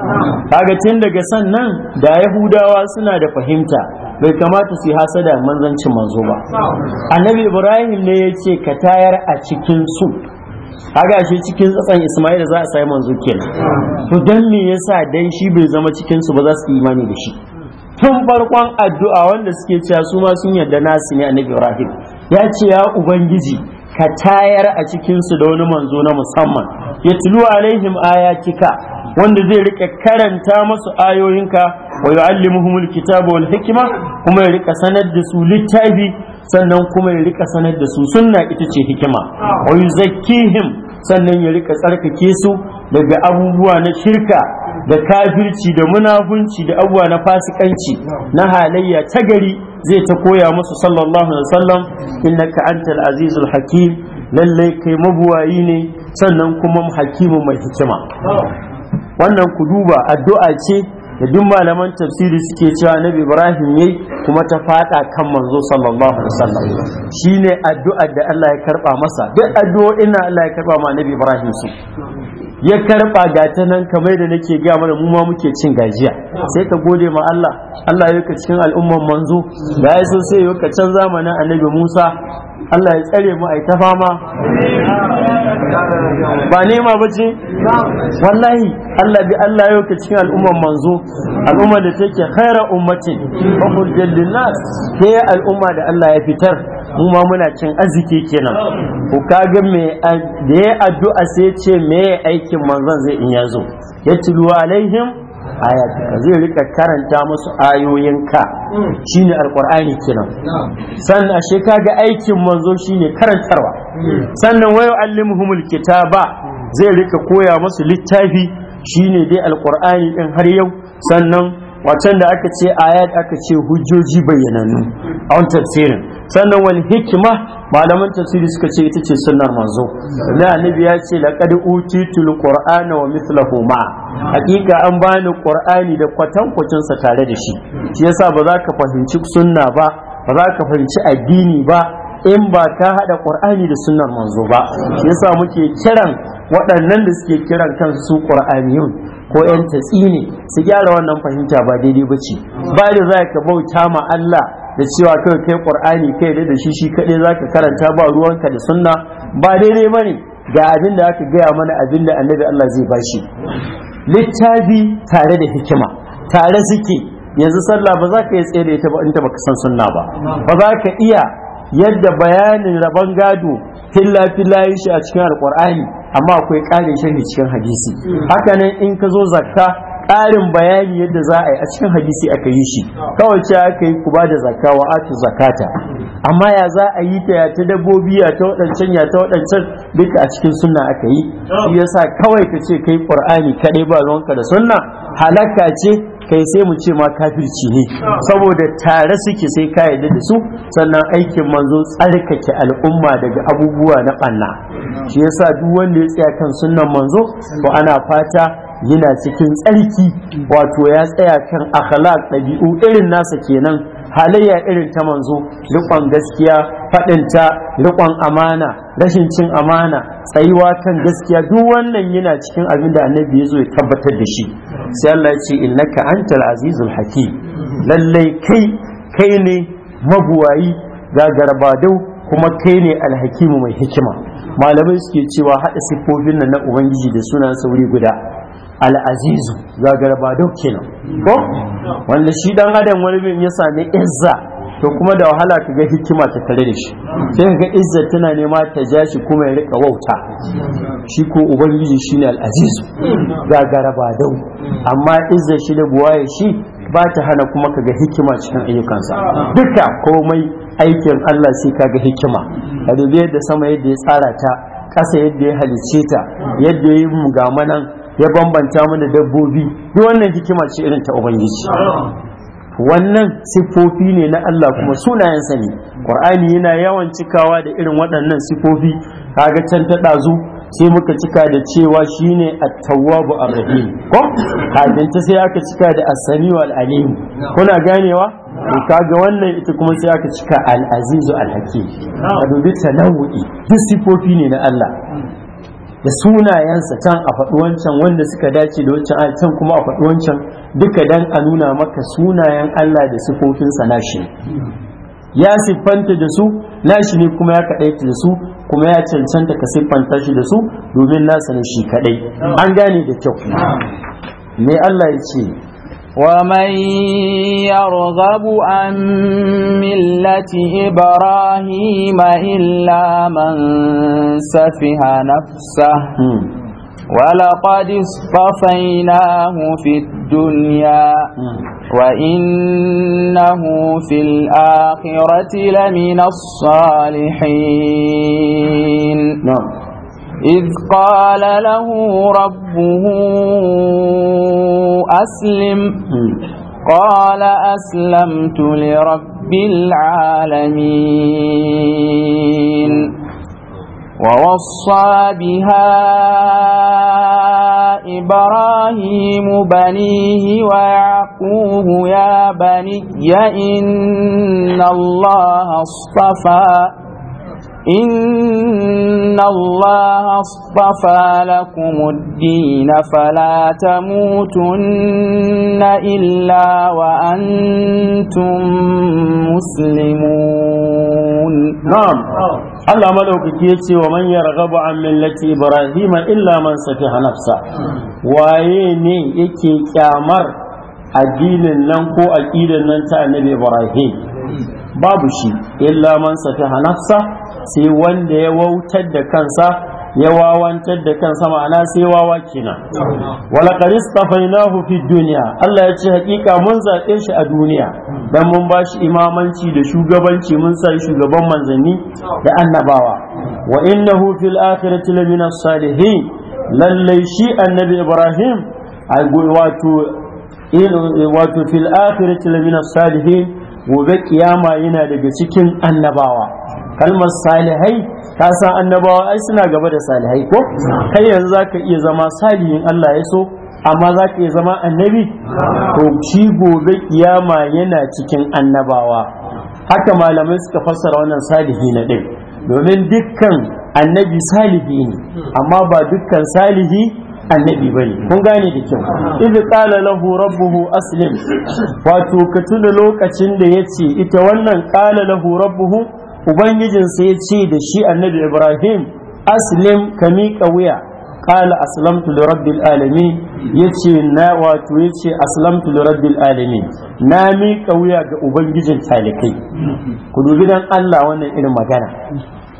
kaga tun daga sannan da yahudawa suna da fahimta bai kamata su yi hasada manzancin manzo ba annabi ibrahim ne ya ce ka tayar a cikin su haga shi cikin tsatsan ismail za a sai manzo kenan to dan me yasa dan shi bai zama cikin su ba za su imani da shi tun farkon addu'a wanda suke cewa su ma sun yarda nasu ne annabi ibrahim ya ce ya ubangiji ka tayar a cikinsu da wani manzo na musamman yatlu alaihim ayatika wanda zai rika karanta masu ayoyinka wa yu'allimuhumul kitaba wal hikima kuma ya rika sanar da su littafi sannan kuma ya rika sanar da su sunna ita ce hikima wa him sannan ya rika tsarkake su daga abubuwa na shirka da kafirci da munafunci da abubuwa na fasikanci na halayya ta gari zai ta koya masu sallallahu alaihi wasallam innaka antal azizul hakim lallai kai mabuwayi ne sannan kuma hakimu mai hikima wannan ku duba addu'a ce da duk malaman tafsiri suke cewa nabi ibrahim yayi kuma ta faɗa kan manzo sallallahu alaihi wasallam shine addu'ar da Allah ya karba masa duk addu'o'in na Allah ya karba ma nabi ibrahim su ya karba gata nan kamar da nake ga mana mu ma muke cin gajiya sai ka gode ma Allah Allah ya ka cikin al'umman manzo da ya sai ya ka can zamanin annabi Musa Allah ya tsare mu a ta fama ba nema ba ce wallahi Allah bi Allah yau ka cikin al'ummar manzo al'ummar da take khaira ummatin ukhrijat lin-nas ke al'umma da Allah ya fitar mu ma muna cin arziki kenan ku kaga me da ya addu'a sai ce me aikin manzon zai in yazo yatlu alaihim ka zai rika karanta musu ayoyinka hmm. shine alqur'ani kenan sannan ashe ga aikin manzo shine karantarwa hmm. sannan wayo allimuhumul kitaba hmm. zai rika koya musu littafi shine dai alqur'ani ɗin har yau sannan wacan da aka ce ayat aka ce hujjoji bayyanannu a wani tafsirin sannan wani hikima malaman tafsiri suka ce ita ce sunnar manzo na annabi ya ce laqad utitul qur'ana wa mithluhu ma hakika an bani qur'ani da kwatankwacin tare da shi shi yasa ba za ka fahimci sunna ba ba za ka fahimci addini ba in ba ta haɗa ƙur'ani da sunnar manzo ba yasa muke kiran waɗannan da suke kiran kansu su ƙur'aniyun ko yan tatsi ne su gyara wannan fahimta ba daidai ba ce ba da za ka bauta ma Allah da cewa kai kai ƙur'ani kai da da shi shi kaɗai za ka karanta ba ruwanka da sunna ba daidai ba ne ga abin da aka gaya mana abin da annabi Allah zai bashi littafi tare da hikima tare suke yanzu sallah ba za ka yi tsere ta ba in ta baka san sunna ba ba za ka iya yadda bayanin rabon gado filla filla yi shi a cikin alkur'ani amma akwai ƙarin sharhi cikin hadisi hakanan in ka zo zakka ƙarin bayani yadda za a yi a cikin hadisi aka yi shi kawai ce aka yi kuba da zakka wa atu zakata amma ya za a yi ta ya ta dabbobi ya ta waɗancan ya ta waɗancan duka a cikin sunna aka yi shi yasa kawai ka ce kai qur'ani kaɗai ba ruwanka da sunna halakka ce kai sai mu ce ma kafirci ne saboda tare suke sai ka yarda da su sannan aikin manzo tsarkake al'umma daga abubuwa na ɓanna shi yasa duk wanda ya tsaya kan sunnan manzo to ana fata yana cikin tsarki wato ya tsaya kan akhlaq ɗabi'u irin nasa kenan halayya irin ta manzo riƙon gaskiya faɗinta riƙon amana rashin cin amana tsayuwa kan gaskiya duk wannan yana cikin abin da annabi ya zo ya tabbatar da shi sai Allah ya ce innaka antal azizul hakim lallai kai kai ne mabuwayi gagarabadau kuma kai ne alhakimu mai hikima malamai suke cewa haɗa siffofin nan na ubangiji da sunan sauri guda al azizu duk kenan ko wanda shi dan adam wani bin ya sami izza to kuma da wahala ka ga hikima ta tare da shi sai ka ga izza tana nema ta ja shi kuma ya rika wauta shi ko ubangiji shine al-aziz gagara ba dau amma izza shi da buwaye shi ba ta hana kuma ka ga hikima cikin ayyukansa duka komai aikin Allah sai ka ga hikima a yadda sama yadda ya tsara ta ƙasa yadda ya halice ta yadda ya yi mu ga ya bambanta mana dabbobi duk wannan hikima ce irin ta ubangiji wannan sifofi ne na Allah kuma sunayensa ne ƙwar'ani yana yawan cikawa da irin waɗannan siffofi kaga can ta ɗazu sai muka cika da cewa shine at-tawwabu ar-rahim ko kafin sai aka cika da as-sami'u al-alim kuna ganewa to ga wannan ita kuma sai aka cika al-azizu al-hakim a dubi tanawu'i duk sifofi ne na Allah da sunayensa can a faɗi wancan wanda suka dace da wancan a can kuma a faɗi wancan duka dan a nuna maka sunayen Allah da sifofinsa nashi ya siffanta da su nashi ne kuma ya kaɗaita da su kuma ya cancanta ka siffanta shi da su domin nasa ne shi kaɗai an gane da kyau me Allah ya ce ومن يرغب عن ملة إبراهيم إلا من سفه نفسه ولقد اصطفيناه في الدنيا وإنه في الآخرة لمن الصالحين نعم إذ قال له ربه أسلم قال أسلمت لرب العالمين ووصى بها إبراهيم بنيه ويعقوب يا بني إن الله اصطفى إن الله اصطفى لكم الدين فلا تموتن إلا وأنتم مسلمون نعم الله ملوك كيتي ومن يرغب عن ملة إبراهيم إلا من سفه نفسه ويني يكي كامر addinin nan ko aƙidan nan ta annabi ibrahim babu shi illa man safiha nafsa sai wanda ya wautar da kansa ya wawantar da kansa ma'ana sai wawa kenan wala qaris tafainahu fi dunya Allah ya ce hakika mun zaɓe shi a duniya dan mun ba shi imamanci da shugabanci mun sa shugaban manzanni da annabawa wa innahu fil akhirati lamina salihin lallai shi annabi Ibrahim wato wato fil akhirati lamina salihin gobe kiyama yana daga cikin annabawa kalmar salihai ta san annabawa ai suna gaba da salihai ko kai yanzu zaka iya zama salihin Allah ya so amma zaka ka iya zama annabi to shi gobe kiyama yana cikin annabawa haka malamai suka fassara wannan salihi na din domin dukkan annabi salihi ne amma ba dukkan salihi annabi ba kun gane da kyau idh qala lahu rabbuhu aslim wato ka tuna lokacin da yace ita wannan qala lahu rabbuhu ubangijinsa ya ce da shi annabi ibrahim aslim ka miƙa wuya ƙala aslamtu li rabbil alamin yace na wato yace aslamtu li rabbil alamin na miƙa wuya ga ubangijin talikai ku dubi dan Allah wannan irin magana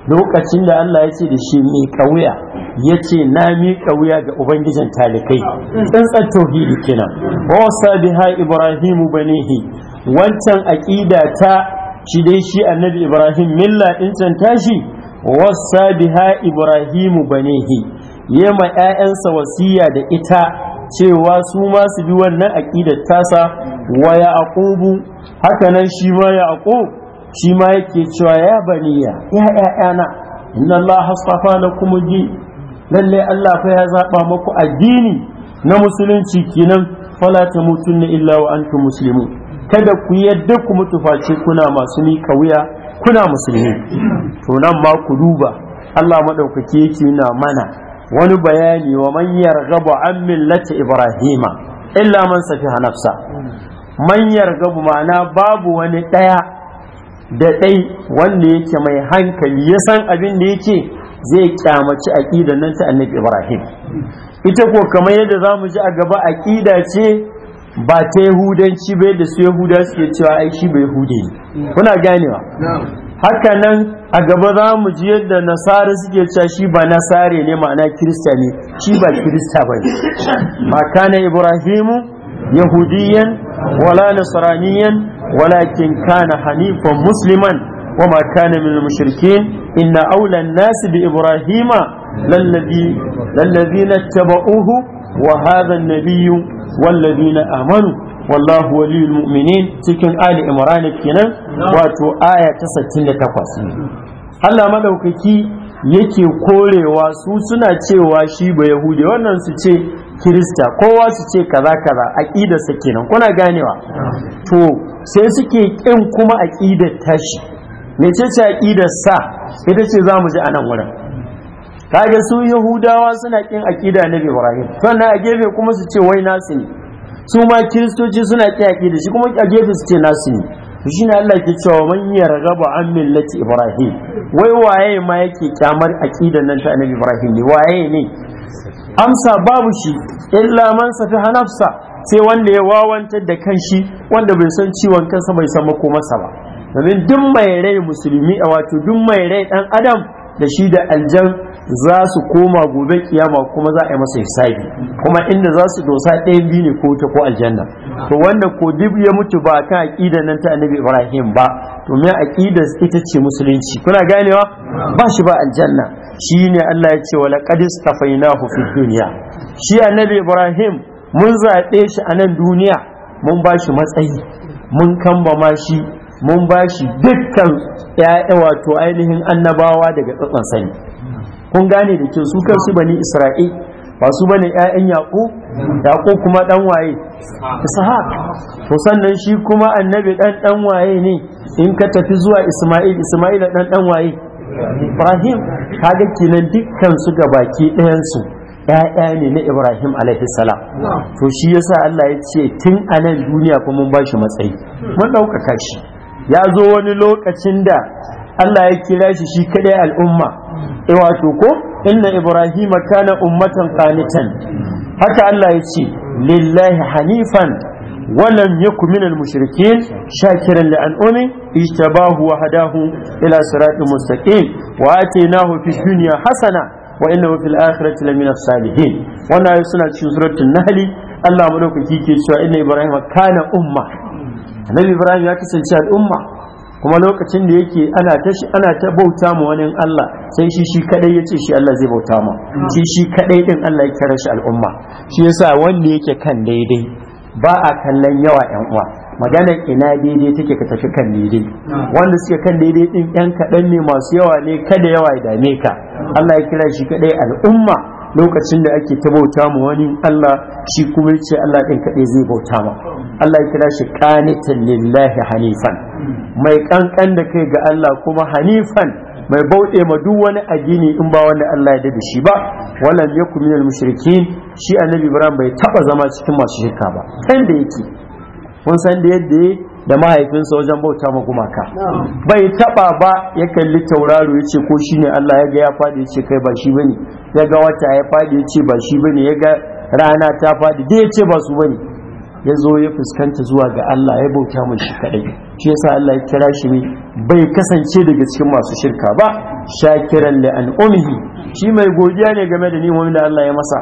lokacin da Allah ya ce da shi miƙa wuya ya na miƙa wuya ga ubangijin talikai tsantsar tauhidi kenan wa wasa biha ibrahimu banihi wancan aƙida ta shi dai shi annabi ibrahim milla in canta shi wasa biha ibrahimu banehi yema ƴaƴansa wasiya da ita cewa su ma su bi wannan aqidar tasa wa yaqubu haka nan shi ma yaqub shi ma yake cewa ya baniya ya ƴaƴana inna allaha astafa lakum ji lalle allah fa ya zaɓa muku addini na musulunci kenan fala tamutunna illa wa antum muslimun kada ku yadda ku mutu face kuna masu mika wuya kuna musulmi to nan ma ku duba Allah madaukake yake na mana wani bayani wa man yarghabu an millati ibrahima illa man safiha nafsa man yarghabu ma'ana babu wani daya da dai wanda yake mai hankali ya san abin da yake zai kyamaci aqidar nan ta annabi ibrahim ita ko kamar yadda zamu ji a gaba aqida ce ba ta yahudanci bai da su yahuda suke cewa ai shi bai hude ne kuna ganewa haka nan a gaba za mu ji yadda nasara suke cewa shi ba nasare ne ma'ana kirista ne shi ba kirista ba ne makana ibrahimu yahudiyan wala nasraniyan walakin kana hanifan musliman wa ma kana min mushrikin inna aula nasi bi ibrahima lallazi lallazina tabauhu wa hadha an-nabiyyu wallazina amanu wallahu waliyul mu'minin cikin ali imran kenan wato aya ta takwas. Allah maɗaukaki yake korewa su suna cewa shi ba yahudi wannan su ce kirista kowa su ce kaza kaza aqidarsa kenan kuna ganewa to sai suke ƙin kuma aqidar tashi mece ce aqidar sa ita ce zamu ji a nan wurin kaga su yahudawa suna kin akida na ibrahim sannan a gefe kuma su ce wai nasu ne su ma kiristoci suna kin akida shi kuma a gefe su ce nasu ne shi ne Allah ke cewa man yarghabu an millati ibrahim wai waye ma yake kyamar akidan nan ta Nabi ibrahim ne waye ne amsa babu shi illa man safi hanafsa sai wanda ya wawantar da kanshi wanda bai san ciwon kansa bai san makomarsa ba domin duk mai rai musulmi a wato duk mai rai dan adam da shi da aljan za su koma gobe kiyama kuma za a yi masa hisabi kuma inda za su dosa ɗaya biyu ne ko ta ko aljanna to wanda ko duk ya mutu ba kan aƙida nan ta annabi ibrahim ba to me aqida ita ce musulunci kuna ganewa ba shi ba aljanna Shi ne Allah ya ce wala qad istafainahu fid dunya shi annabi ibrahim mun zaɓe shi a nan duniya mun ba shi matsayi mun kambama shi mun ba shi dukkan ya'ya wato ainihin annabawa daga tsatsan sani kun gane da kyau su kansu bani isra'il ba su bane 'ya'yan yaqub yaqub kuma dan waye ishaq to sannan shi kuma annabi dan dan waye ne in ka tafi zuwa isma'il isma'il ɗan dan waye ibrahim kaga kenan dukkan su gabaki ɗayan su ƴaƴa ne na ibrahim alaihi salam to shi yasa Allah ya ce tun anan duniya kuma mun bashi matsayi mun ɗaukaka shi ya zo wani lokacin da Allah ya kira shi shi kaɗai al'umma Eh, wato ko inna Ibrahim kana ummatan qanitan haka Allah ya ce lillahi hanifan walam yakun min al-mushrikeen shakiran li an'ami ijtabahu wa hadahu ila siratin mustaqim wa atainahu fi dunya hasana wa innahu fil akhirati lamin as-salihin wana suna cikin suratul nahl Allah mu ke cewa inna Ibrahim kana umma Nabi Ibrahim ya kasance al'umma kuma lokacin da yake ana ta ana ta bauta wa wani Allah sai shi shi kadai yace shi Allah zai bauta ma mm. shi shi kadai din Allah ya kira shi al'umma shi yasa wanda yake kan daidai ba a kallon yawa ƴan uwa maganar ina daidai take ka tafi kan daidai mm. wanda suke kan daidai din yan kadan ne masu yawa ne kada yawa ya dame ka mm. Allah ya kira shi kadai al'umma lokacin da ake ta bauta mu wani Allah shi kuma yace Allah din kadai zai bauta ma Allah ya kira shi qanitan lillahi hanifan mai kankan da kai ga Allah kuma hanifan mai bauɗe ma duk wani addini in ba wanda Allah ya dade shi ba walam yakun minal mushrikin shi annabi Ibrahim bai taba zama cikin masu shirka ba kan da yake mun san da yadda da mahaifinsa wajen bauta ma gumaka bai taba ba ya kalli tauraro ya ce ko shine Allah ya ga ya faɗi ya ce kai ba shi bane ya ga wata ya faɗi ya ce ba shi bane ya ga rana ta faɗi dai ya ce ba su bane ya zo ya fuskanta zuwa ga Allah ya bauta mai shi kadai shi yasa Allah ya kira shi ne bai kasance daga cikin masu shirka ba shakiran li umhi shi mai godiya ne game da ni'imomin da Allah ya masa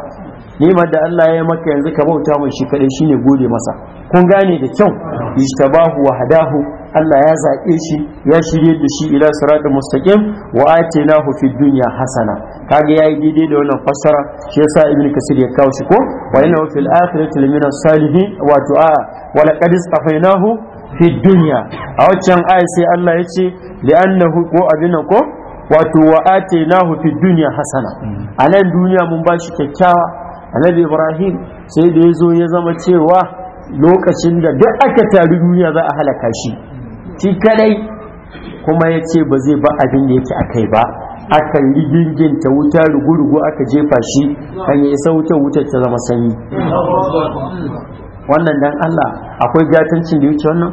nimar da Allah ya maka yanzu ka bauta mai shi kadai shine gode masa kun gane da kyau istabahu wa hadahu Allah ya zaƙe shi ya shirye da shi ila siratal mustaqim wa atainahu fid dunya hasana kaga yayi daidai da wannan fassara shi yasa ibnu kasir ya kawo shi ko wa inna fil akhirati lamina salihin wa tu'a wa laqad istafainahu fi dunya a waccan aya sai Allah ya ce li'annahu ko abin ko wato wa atainahu fi dunya hasana a nan duniya mun ba shi kyakkyawa annabi ibrahim sai da yazo ya zama cewa lokacin da duk aka taru duniya za a halaka shi shi kadai kuma ya ce ba zai ba abin da yake a kai ba akan yi ta wuta rugu-rugu aka jefa shi kan yi isa wutar wuta ta zama sanyi wannan dan Allah akwai gatancin da wuce wannan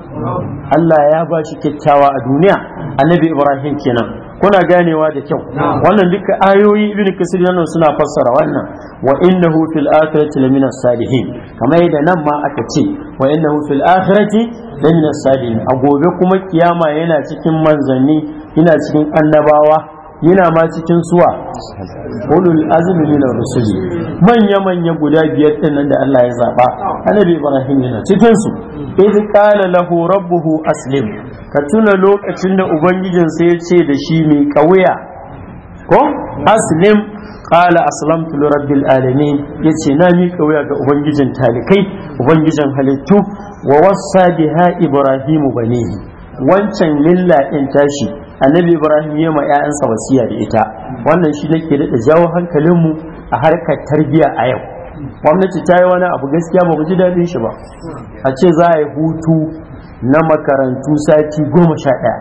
Allah ya ba shi kyakkyawa a duniya annabi Ibrahim kenan kuna ganewa da kyau wannan duka ayoyi ibn kasir nan suna fassara wannan wa innahu fil akhirati lamina salihin kamar yadda nan ma aka ce wa innahu fil akhirati lamina salihin a gobe kuma kiyama yana cikin manzanni yana cikin annabawa yana ma cikin suwa azumi azumi min rusuli manya manya guda biyar ɗin nan da Allah ya zaɓa. annabi ibrahim yana cikin su id qala lahu rabbuhu aslim ka tuna lokacin da ubangijin sai ya ce da shi mai ƙauya. ko aslim qala aslamtu li rabbil alamin yace na mi kauya ga ubangijin talikai ubangijin halittu wa wassa biha ibrahim banihi wancan lilla'in tashi annabi ibrahim ya ma 'ya'yansa wasiya da ita wannan shi nake da jawo hankalinmu a harkar tarbiyya a yau gwamnati ta yi wani abu gaskiya ba mu ji daɗin shi ba a ce za a yi hutu na makarantu sati goma sha ɗaya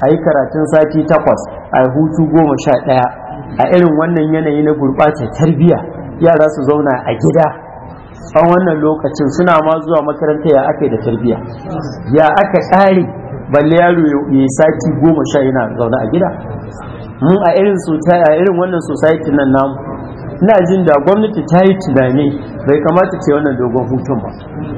a yi karatun sati takwas a yi hutu goma sha ɗaya a irin wannan yanayi na gurɓatar tarbiyya yara su zauna a gida a wannan lokacin suna ma zuwa makaranta ya aka yi da tarbiyya ya aka tsari balle yaro ya sati goma sha yana zaune a gida mun a irin a irin wannan society nan namu ina jin da gwamnati ta yi tunani bai kamata ce wannan dogon hutun ba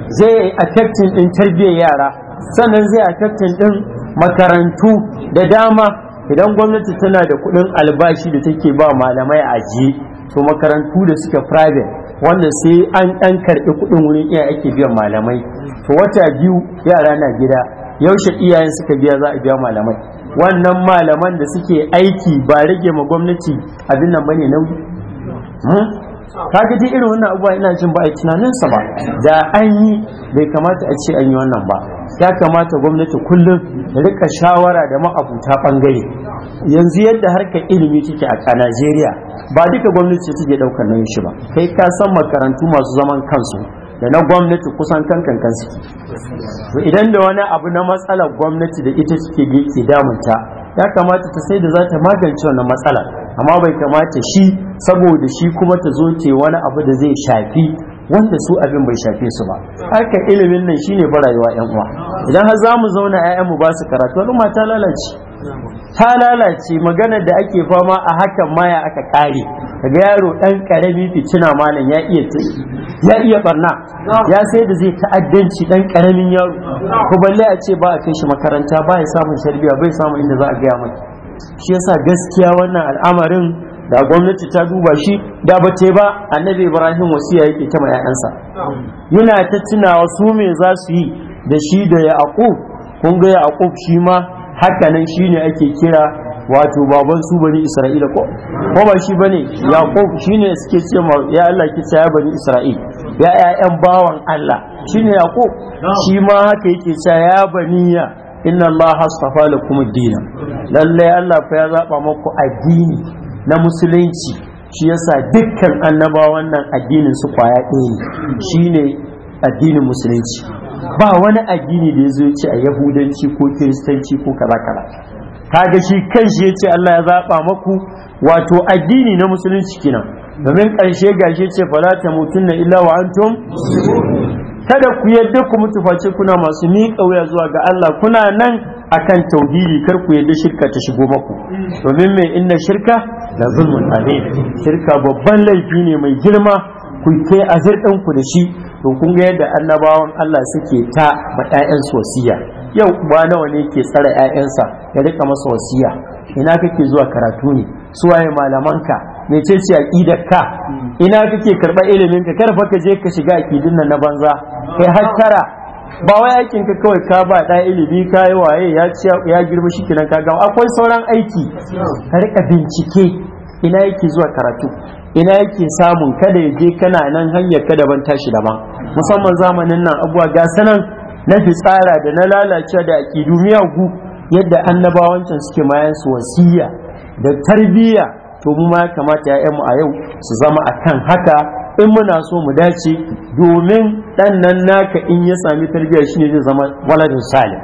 zai yi affecting din tarbiyyar yara sannan zai a affecting ɗin makarantu da dama idan gwamnati tana da kudin albashi da take ba malamai a ajiye to makarantu da suke private wanda sai an ɗan karɓi kuɗin wurin iya ake biyan malamai to wata biyu yara na gida yaushe iyayen suka biya za a biya malamai wannan malaman da suke aiki ba rage ma gwamnati abin nan bane nauyi hmm? ga ji irin wannan abuwa ina jin ba a sa ba da an yi bai kamata a ce an yi wannan ba ya kamata gwamnati kullum rika shawara da ma'abuta bangare yanzu yadda harka ilimi take a Najeriya ba duka gwamnati take daukar nauyin shi ba kai ka san makarantu masu zaman kansu da na gwamnati kusan kankan kan to idan da wani abu na matsalar gwamnati da ita suke ke damunta ya kamata ta sai da za ta magance wannan matsala amma bai kamata shi saboda shi kuma ta zo ce wani abu da zai shafi wanda su abin bai shafe su ba haka ilimin nan shine ba rayuwa yan uwa idan har za mu zauna 'ya'yanmu ba su karatu wani mata lalace ta lalace magana da ake fama a hakan maya aka kare daga yaro dan karami fitina malam ya iya ya iya barna ya sai da zai ta'addanci dan karamin yaro ko balle a ce ba a kai shi makaranta ba ya samun sharbiya bai samu inda za a gaya mai shi yasa gaskiya wannan al'amarin da gwamnati ta duba shi da ba ba annabi ibrahim wasiya yake ta ma 'ya'yansa yana ta tunawa su me za su yi da shi da yaqub kun ga yaqub shi ma haka nan ne ake kira wato baban su bani isra'ila ko ko ba shi bane shi ne suke ce ya Allah ki ya bani isra'il ya ƴaƴan bawan Allah shi ne ya ko shi ma haka yake cewa ya baniya inna Allah astafa lakum ad dina lalle Allah fa ya zaba muku addini na musulunci shi yasa dukkan annabawan nan addinin su kwaya ɗaya ne shine addinin musulunci ba wani addini da ya zo ce a yahudanci ko kiristanci ko kaza kaza kaga shi kan shi ya Allah ya zaɓa maku wato addini na musulunci kenan domin karshe gashi ce fala ta mutunna illa wa antum kada ku yadda ku mutu face kuna masu miƙa wuya zuwa ga Allah kuna nan akan tauhidi kar ku yadda shirka ta shigo maku domin mai inna shirka da zulmun ne shirka babban laifi ne mai girma ku kai azir ɗin ku da shi to kun ga yadda annabawan Allah suke ta ba ƴaƴan wasiya yau uba nawa ne ke tsara ƴaƴansa ya rika masa wasiya ina kake zuwa karatu ne Su suwaye malamanka mecece ka ina kake karba ilimin ka kar ka je ka shiga aqidin nan na banza kai hattara ba wai aikin ka kawai ka ba da ilimi ka yi waye ya ya girma shi kenan ka gama akwai sauran aiki ka rika bincike ina yake zuwa karatu ina yake samun kada ya je kana nan hanyar kada ban tashi daban musamman zamanin nan abuwa ga sanan na fitsara da na lalace da aƙidu miyagu yadda annabawancin suke mayan su wasiya da tarbiyya to mu ma kamata ya'yanmu a yau su zama akan haka in muna so mu dace domin ɗannan nan naka in ya sami tarbiyya shine zai zama waladun salim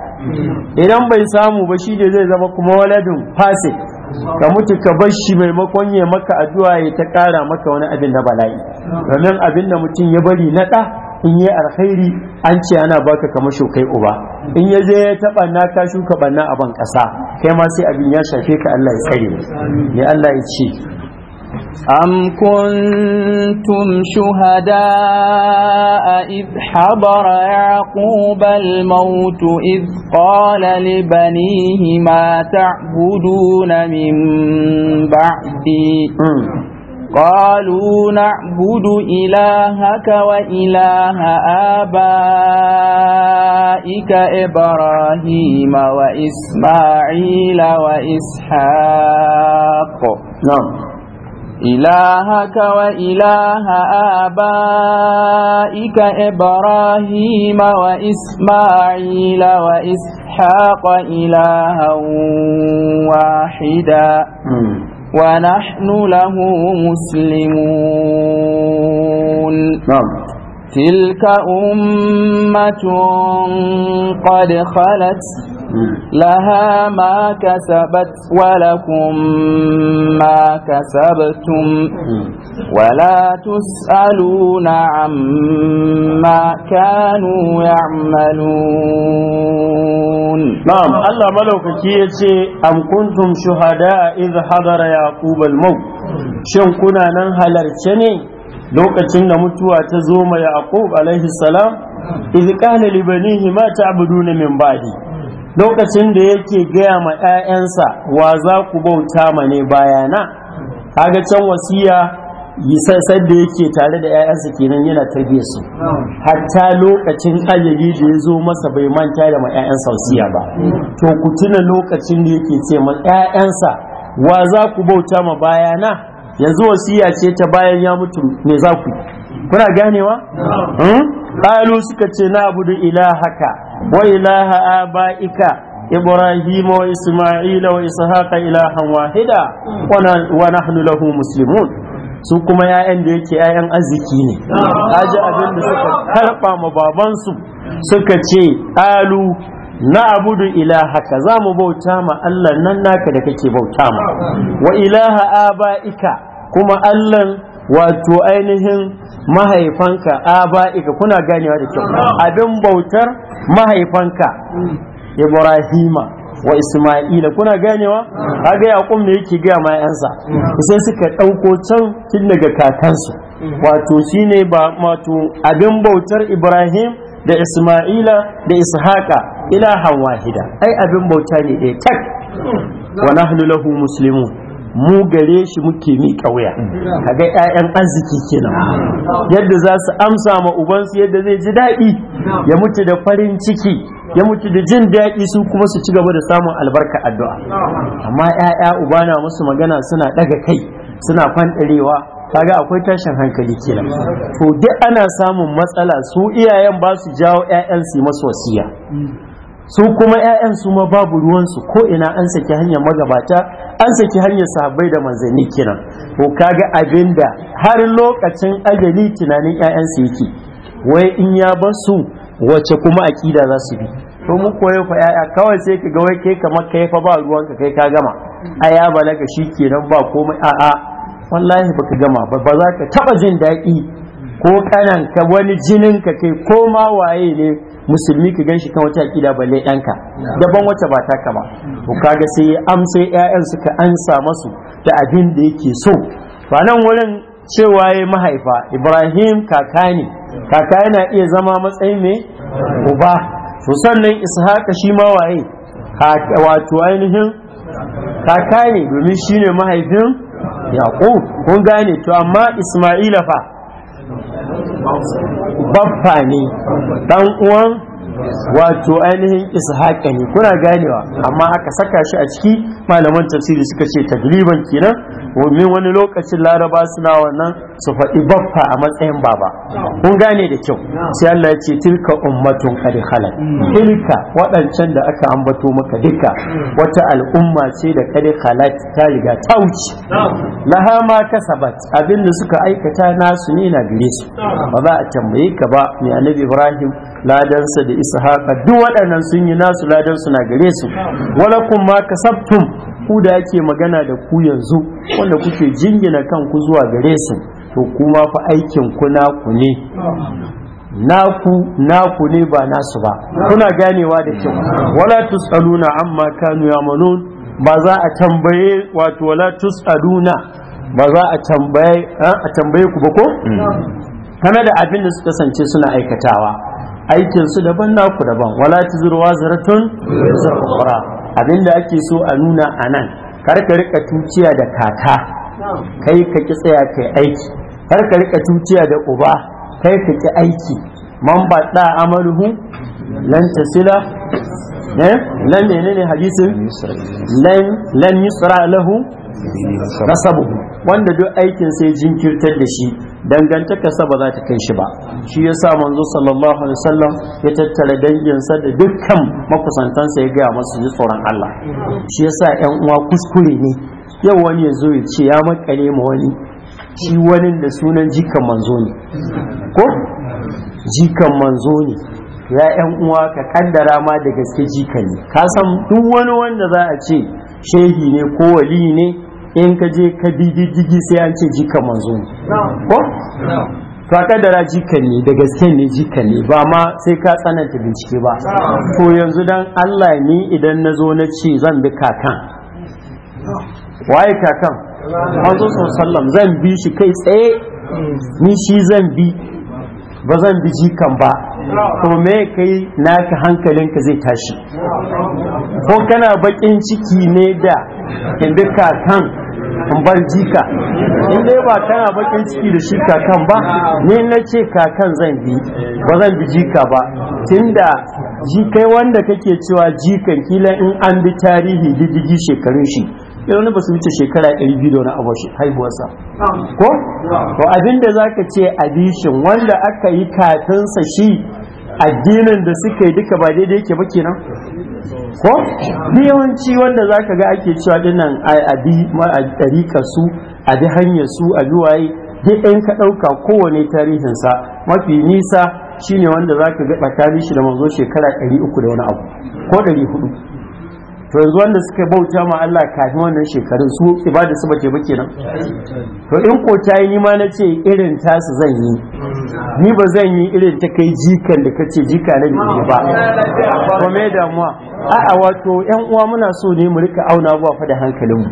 idan bai samu ba shi zai zama kuma Waladin fasik ka mutu ka bar shi maimakon ya maka addu'a ya ta ƙara maka wani abin na bala'i domin abin da mutum ya bari na da in yi alkhairi an ce ana baka kamar shukai uba in ya je ya taɓa na ka shuka ɓanna a ban ƙasa kai ma sai abin ya shafe ka Allah ya tsare ya Allah ya ce أم كنتم شهداء إذ حضر يعقوب الموت إذ قال لبنيه ما تعبدون من بعدي قالوا نعبد إلهك وإله آبائك إبراهيم وإسماعيل وإسحاق نعم إلهك وإله آبائك إبراهيم وإسماعيل وإسحاق إلها واحدا ونحن له مسلمون نعم تلك أمة قد خلت لها ما كسبت ولكم ما كسبتم ولا تسألون عما كانوا يعملون نعم الله ملوك كيتي أم كنتم شهداء إذ حضر يعقوب الموت شن كنا ننهلر lokacin da mutuwa ta zo ma yaqub alaihi salam idh qala ma ta'buduna min ba'di lokacin da yake gaya ma 'ya'yansa wa za ku bauta ma ne bayana kaga can wasiya sai da yake tare da 'ya'yansa kenan yana tarbiyyar su hatta lokacin ayyali da ya zo masa bai manta da ma 'ya'yansa wasiya ba to ku tuna lokacin da yake ce ma 'ya'yansa wa za ku bauta ma bayana yanzu wasiya ce ta bayan ya mutu me za ku kuna ganewa hmm? Alu suka ce na abudu ilahaka wa ilaha abaika ibrahim wa isma'ila wa haka, ilahan wahida wa nahnu lahu muslimun su kuma 'ya'yan da yake 'ya'yan arziki ne aji abin da suka karɓa ma babansu suka ce alu na abudu ilahaka za mu bauta ma Allah nan naka da kake bauta ma wa ilaha ba'ika. kuma allan wato ainihin mahaifanka aba'ika kuna ganewa da kyau abin bautar mahaifanka ibrahima wa Isma'ila kuna ganewa kaga Yaqub ne yake ga ma yansa sai suka ɗauko can tun daga kakansu wato shine ba wato abin bautar Ibrahim da Isma'ila da Ishaqa ilahan wahida ai abin bauta ne ɗaya tak wa nahnu lahu muslimun mu gare shi muke miƙa wuya kaga ƴaƴan arziki kenan yadda za su amsa ma ubansu yadda zai ji daɗi ya mutu da farin ciki ya mutu da jin daɗi su kuma su ci gaba da samun albarka addu'a amma ƴaƴa uba na musu magana suna ɗaga kai suna fanɗarewa kaga akwai tashin hankali kenan to duk ana samun matsala su iyayen ba su jawo ƴaƴan su masu wasiya su kuma 'ya'yan su ma babu ruwansu ko ina an saki hanyar magabata an saki hanyar sahabbai da manzanni kiran ko kaga da har lokacin ajali tunanin 'ya'yan su yake wai in ya bar su wace kuma aƙida za su bi to mu koyo fa 'ya'ya kawai sai ka ga wai kai kamar kai fa ba ruwanka kai ka gama a ya balaga kenan ba komai a'a wallahi baka gama ba ba za ka taba jin daɗi ko kanan ka wani jinin ka kai ko ma waye ne musulmi ka ganshi kan wata akida balle ɗanka daban wata ba ta kama to kaga sai ya amsa ƴaƴan suka ansa masu da abin da yake so ba nan wurin cewa ya mahaifa Ibrahim kaka ne kaka yana iya zama matsayin mai uba to sannan Ishaqa shi ma waye wato ainihin kaka ne domin shine mahaifin Yaqub kun gane to amma Isma'ila fa baffa ne dan uwan wato ainihin ishaqa ne kuna ganewa amma aka saka shi a ciki malaman tafsiri suka ce tagliban kenan domin wani lokacin laraba suna wannan su faɗi baffa a matsayin baba kun gane da kyau sai Allah ya ce tilka ummatun qad khalat tilka waɗancan da aka ambato maka duka wata al'umma ce da qad khalat ta riga ta wuce laha ma kasabat abin da suka aikata nasu ne na gare su ba za a tambaye ka ba mai annabi Ibrahim ladansa da ishaqa duk waɗannan sun yi nasu ladan suna gare su walakum ma kasabtum ku da ake magana da ku yanzu wanda kuke jingina kanku zuwa gare su to kuma fa aikin ku naku ne naku naku ne ba nasu ba kuna ganewa da kyau wala tusaluna amma kanu yamanun ba za a tambaye wato wala tusaluna ba za a tambaye eh, a tambaye ku ba ko hmm. Kana da abin da suka sance suna aikatawa aikin su daban naku daban wala tuzur wazaratun Abin abinda ake so a nuna anan kar ka rika tuciya da kaka kai ka ki tsaya kai aiki kar ka rika tuciya da uba kai ka ki aiki man da amaluhu lan tasila eh? lan menene hadisin lan yusra lahu nasabu wanda duk aikin sai jinkirtar da shi dangantakarsa ba za ta kai shi ba shi ya sa manzo sallallahu alaihi wasallam ya tattara danginsa da dukkan makusantansa ya gaya masu ji tsoron Allah shi ya sa yan uwa kuskure ne yau wani ya zo ya ce ya makale ma wani shi wani da sunan jikan manzo ne ko jikan manzo ne ya yan uwa ka kaddara ma da gaske jikan ne ka san duk wani wanda za a ce shehi ne ko wali ne in ka je ka bi sai an ce jika manzo ne ko to a kaddara jika ne da gaske ne jika ne ba ma sai ka tsananta bincike ba to yanzu dan Allah ni idan na zo na ce zan bi kakan waye kakan manzo sallam zan bi shi kai tsaye ni shi zan bi ba zan bi jikan ba to me kai naka hankalinka zai tashi ko kana bakin ciki ne da in bi kakan bar jika in dai ba kana bakin ciki da shi kakan ba ne na ce kakan zan bi ba zan bi jika ba tunda jikai wanda kake cewa jikan kila in an bi tarihi diddigi shekarun shi irin ba su wuce shekara 200 da wani abu haihuwarsa ko to abinda za ka ce addition wanda aka yi kafinsa shi addinin da suka yi duka ba daidai yake ba kenan ko yawanci wanda za ka ga ake cewa dinnan abi su bi hanyar su abi waye duk ɗan ka ɗauka kowane tarihin sa mafi nisa shine wanda za ka ga tsakanin shi da manzo shekara 300 da wani abu ko to yanzu wanda suka bauta ma Allah kafin wannan shekarun su ibada su bace bace nan to in ko ta yi nima na ce irin su zan yi ni ba zan yi irin ta kai jikan da kace jika na biyu ba ko me damuwa a'a wato yan uwa muna so ne mu rika auna abuwa fa da hankalinmu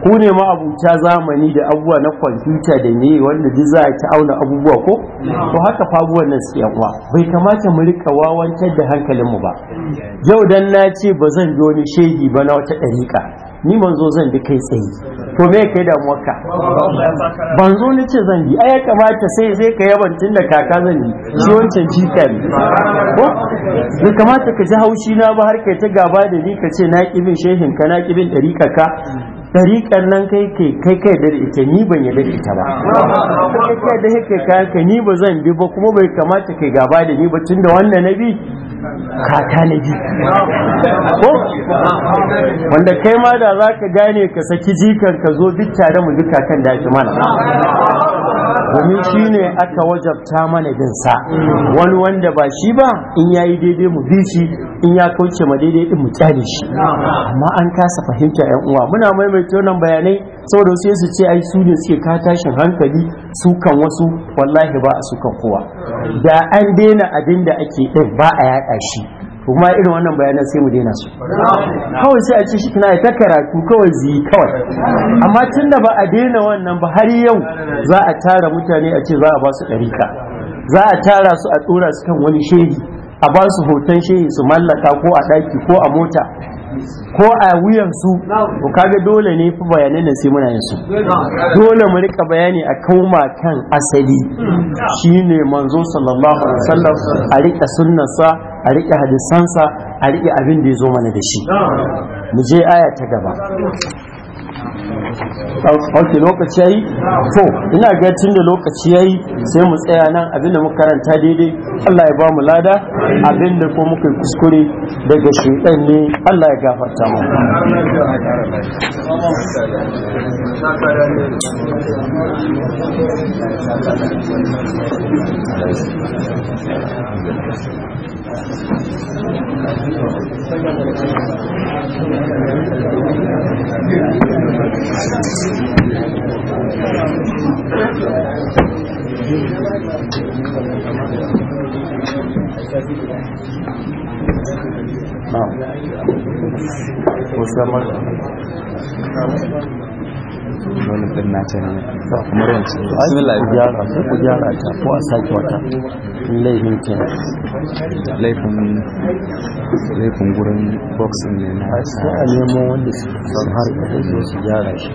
ku ne ma abuta zamani da abubuwa na kwamfuta da ne wanda duk za ta auna abubuwa ko to haka fa abubuwan nan su yan bai kamata mu rika wawancar da hankalinmu ba yau dan na ce ba zan ji wani shegi ba na wata ɗariƙa ni manzo zan bi kai tsaye to me kai da ka ban zo ni ce zan bi ai ya kamata sai sai ka yaban tun da kaka zan bi shi wancan jika ne ko bai kamata ka ji haushi na ba har kai ta gaba da ni ka ce na kibin shehin ka na kibin ɗariƙa ka ɗariƙar nan kai kai kai kai da ita ni ban yi da ita ba kai kai da kai ka ni ba zan bi ba kuma bai kamata kai gaba da ni ba tun da wannan bi. ka tanadi ko wanda kai ma da za ka gane ka saki jikan ka zo duk da mu duka kan da mana domin shi ne aka wajabta mana bin sa wani wanda ba shi ba in ya yi daidai mu bi shi in ya kauce ma daidai din mu kyale shi amma an kasa fahimta yan uwa muna maimaita wannan bayanai saboda sai su ce ai su ne suke ka tashin hankali su kan wasu wallahi ba a su kan kowa da an daina abin da ake din ba a yaɗa shi kuma irin wannan bayanan sai mu daina su kawai sai a ce shi kina ta karatu kawai zi kawai amma tun da ba a daina wannan ba har yau za a tara mutane a ce za a ba su ɗarika za a tara su a ɗora su kan wani shehi a ba su hoton shehi su mallaka ko a ɗaki ko a mota ko a wuyansu to kaga dole ne fi bayanan nan sai muna yin dole mu rika bayani a kauma kan asali shine manzo sallallahu alaihi wasallam a rika sunnarsa a rika hadisansa a rike abin da ya zo mana da shi mu je aya ta gaba ok lokaci yayi to ina ga tun da lokaci yayi sai mu tsaya nan abinda muka karanta daidai Allah ya ba mu lada abinda ko muka kuskure daga shaitan ne Allah ya gafarta mu Thank you. Ah. Você é mais... wani din na ta ne kamar wancan ku gyara ta ko a sake wata laifin laifin laifin gurin boxing ne na sai a nemo wanda su san har da zo su gyara shi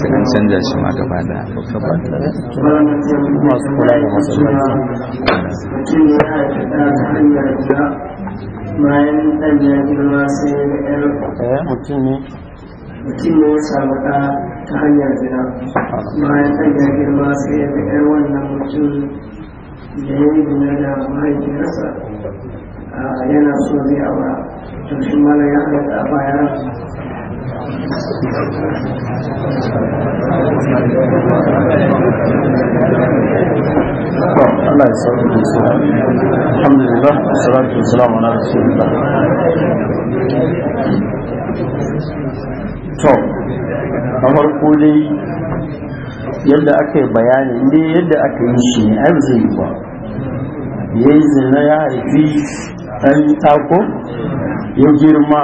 sai an canja shi ma gaba da masu kula da ɗan eh, mutum ne mutum ne ya samu ɗa ta hanyar zina bayan ɗan girma sai ya ga ƴar wannan mutum da ya yi zina da mahaifiyarsa yana so zai aura to shi mala ya halatta a baya Allah ya sauke da su alhamdulillah salatu wassalamu ala rasulillah to kamar ko dai yadda aka yi bayani inda yadda aka yi shi ne ai zai yi ba ya yi zina ya haifi ɗan tako ya girma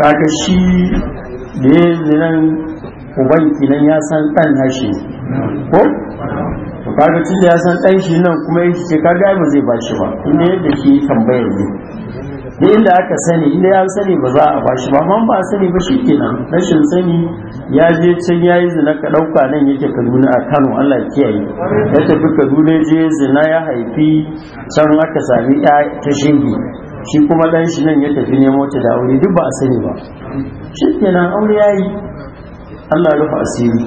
kaga shi da ya zinan uban kinan ya san ɗan hashe ko to kaga tun da ya san ɗan shi nan kuma ya ce kaga ba zai ba shi ba inda yadda shi tambayar ne da inda aka sani inda ya sani ba za a bashi ba amma ba sani ba shi kenan, rashin sani ya je can ya yi zina ka ɗauka nan yake kaduna a kano allah kiyaye ya tafi kaduna je zina ya haifi can aka sami ya ta shingi shi kuma ɗan shi nan ya tafi nemo ta da aure duk ba a sani ba kenan aure ya yi allah rufe asiri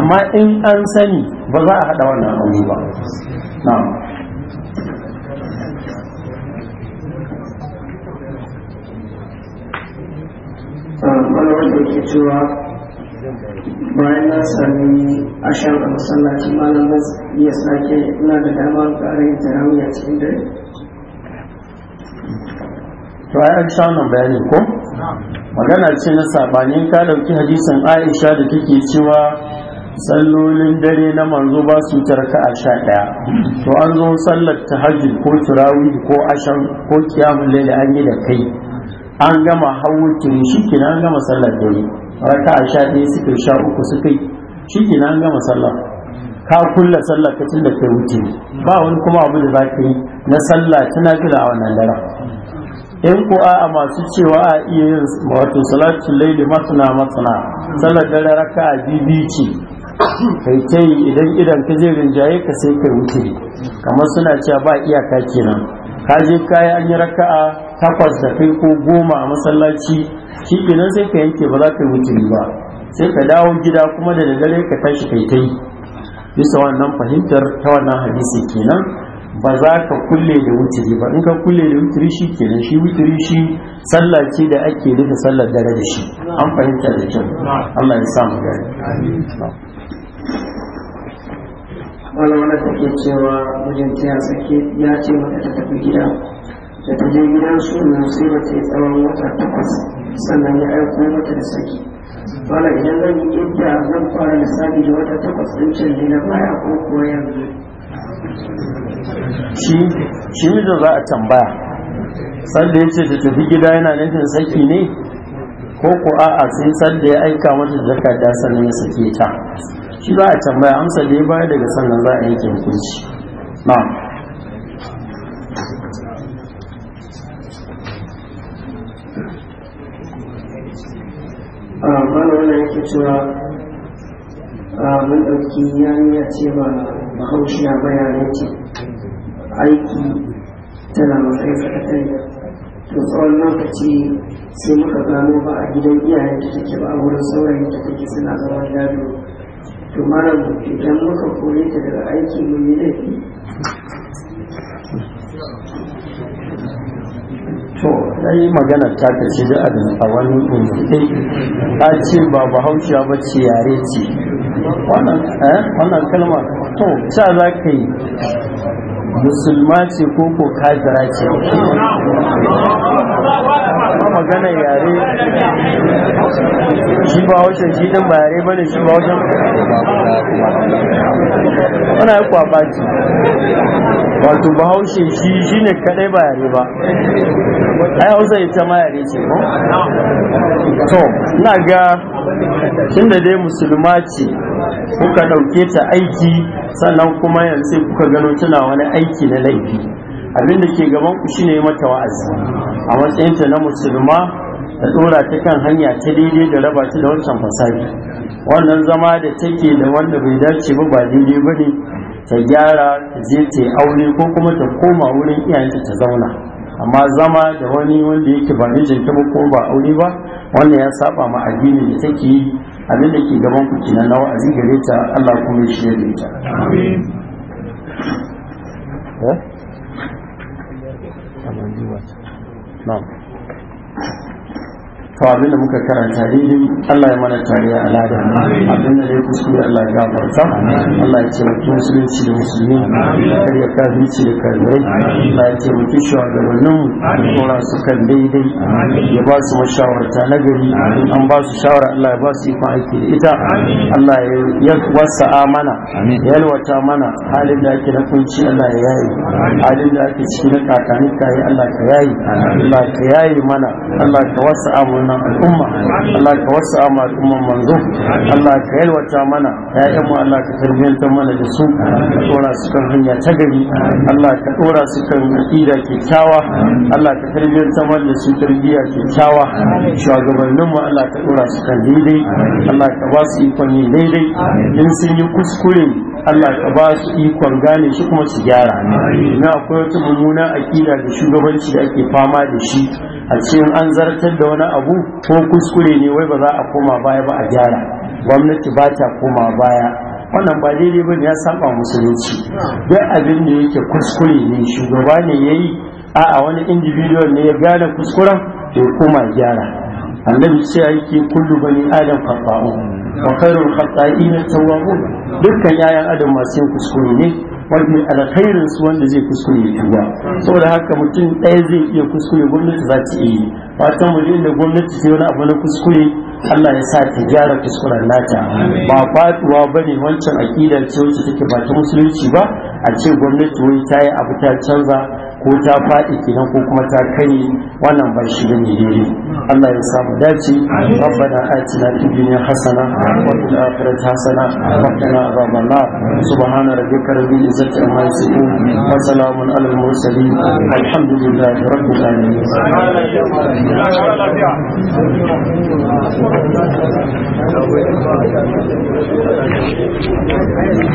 amma in an sani ba za a haɗa wannan aure ba wani wanda yake cewa bayan na sami ashar da masallaci malam ba iya sake ina da damar ƙarin tarawih a cikin dare to ai an sha wannan bayani ko magana ce na sabani ka dauki hadisin Aisha da take cewa sallolin dare na manzo ba su tarka a sha ɗaya to an zo sallar tahajjud ko turawi ko ashan ko kiyamun laila an yi da kai an gama hawutun shi kenan an gama sallar dare raka a sha ɗaya suka sha uku suka yi shi kenan an gama sallar ka kulla sallar ka da ka wuce ba wani kuma abu da za ka yi na sallah tana fila a wannan dara in ko a masu cewa a iya yin wato salatul laili masana masana sallar dare raka a bibi ce kai ta yi idan idan ka je rinjaye ka sai kai wuce kamar suna cewa ba iyaka kenan ka je kayi an yi raka'a takwas da kai ko goma a masallaci shi kenan sai ka yanke ba za ka yi wuturi ba sai ka dawo gida kuma da dare ka tashi kai ta bisa wannan fahimtar ta wannan hadisi kenan ba za ka kulle da wuturi ba in ka kulle da wuturi shi kenan shi wuturi shi sallah ce da ake rufe sallar dare da shi an fahimta da kyau Allah ya samu gari wani wani take cewa mijinta ya sake ya ce mata ta tafi gida da ta je gidan su nan sai ba ta yi tsawon wata takwas sannan ya aiko mata da saki wala idan zan yi idda zan fara lissafi da wata takwas ɗin can ne na baya ko kuwa yanzu shi ne mijin za a tambaya sanda ya ce ta tafi gida yana nufin saki ne ko ko a'a sai sanda ya aika mata da takarda sannan ya sake ta shi za a tambaya amsa da ya bayar daga sannan za a yanke hukunci na'am mana yake cewa mun ɗauki yanya ce ba bahaushiya bayanin ce aiki tana matsayin sakatariya to tsawon lokaci sai muka gano ba a gidan iyayen da take ba a wurin sauran da take suna zama gado to malam idan muka kore ta daga aiki mun yi laifi ai magana ta shi da a wani ɗin a ce ba bahaushiya ba ce yare ce wannan eh, kalma to za ka yi musulma ce ko ko kajira ce magana yare shi ba haushe shi din ba yare bane shi ba haushe ana yi kwabaci wato ba haushe shi shi ne kadai ba yare ba ai hausa ita ma yare ce ko to ina ga da dai musulma ce kuka dauke ta aiki sannan kuma yanzu kuka gano tana wani aiki na laifi abin da ke gaban ku shine mata wa'azi a matsayinta na musulma da dora ta kan hanya ta daidai da raba ta da wancan fasari wannan zama da take da wanda bai dace ba ba daidai ba ne ta gyara ta je ta aure ko kuma ta koma wurin iyayenta ta zauna amma zama da wani wanda yake ba mijinta ba ko ba aure ba wannan ya saba ma addini da take yi abin da ke gaban ku kenan na wa'azi gare ta Allah kuma ya shirye ta amin eh? No. to abin da muka karanta daidai Allah ya mana tariya a lada abin da dai kuskure Allah ya gafarta Allah ya taimaki musulunci da musulmi kar ya kafirci da kafirai Allah ya taimaki shugabannin kora su kan daidai ya ba su mashawarta na gari an ba su shawara Allah ya ba su ikon aiki da ita Allah ya wasa mana ya yalwata mana halin da ake na kunci Allah ya yayi halin da ake ciki na kakanika Allah ka yayi Allah ka yayi mana Allah ka wasa wannan al'umma Allah ka wasa ma al'umman manzo Allah ka yalwata mana ya'yan mu Allah ka tarbiyantar mana da su ka dora su kan hanya ta gari Allah ka dora su kan aqida kyakkyawa Allah ka tarbiyantar mana da su tarbiya kyakkyawa shugabannin mu Allah ka dora su kan daidai Allah ka ba su ikon yin daidai in sun yi kuskure Allah ka ba su ikon gane shi kuma su gyara na akwai wata mummuna akida da shugabanci da ake fama da shi a cikin an zartar da wani abu ko kuskure ne wai ba za a koma baya ba a gyara gwamnati ba ta koma baya wannan ba daidai ba ne ya saba musulunci duk abin da yake kuskure ne shugaba ne ya yi a wani individual ne ya gane kuskuren ya koma gyara annabi ce yake kullu bani adam khata'u wa khairul khata'ina tawwabun dukkan yayan adam masu yin kuskure ne wani alkhairin su wanda zai kuskure tuba saboda haka mutum ɗaya zai iya kuskure gwamnati za ta yi fatan mu da gwamnati sai wani abu na kuskure Allah ya sa ta gyara kuskuren nata ba faduwa bane wancan akidar ce wacce take ba ta musulunci ba a ce gwamnati wai ta yi abu ta canza ko ta faɗi kenan ko kuma ta kai wannan ba shi da daidai Allah ya samu dace rabbana atina fid dunya hasana wa fil akhirati hasana wa qina adhaban nar subhana rabbika rabbil izzati amma yasifun wa salamun alal mursalin alhamdulillahi rabbil alamin Thank you.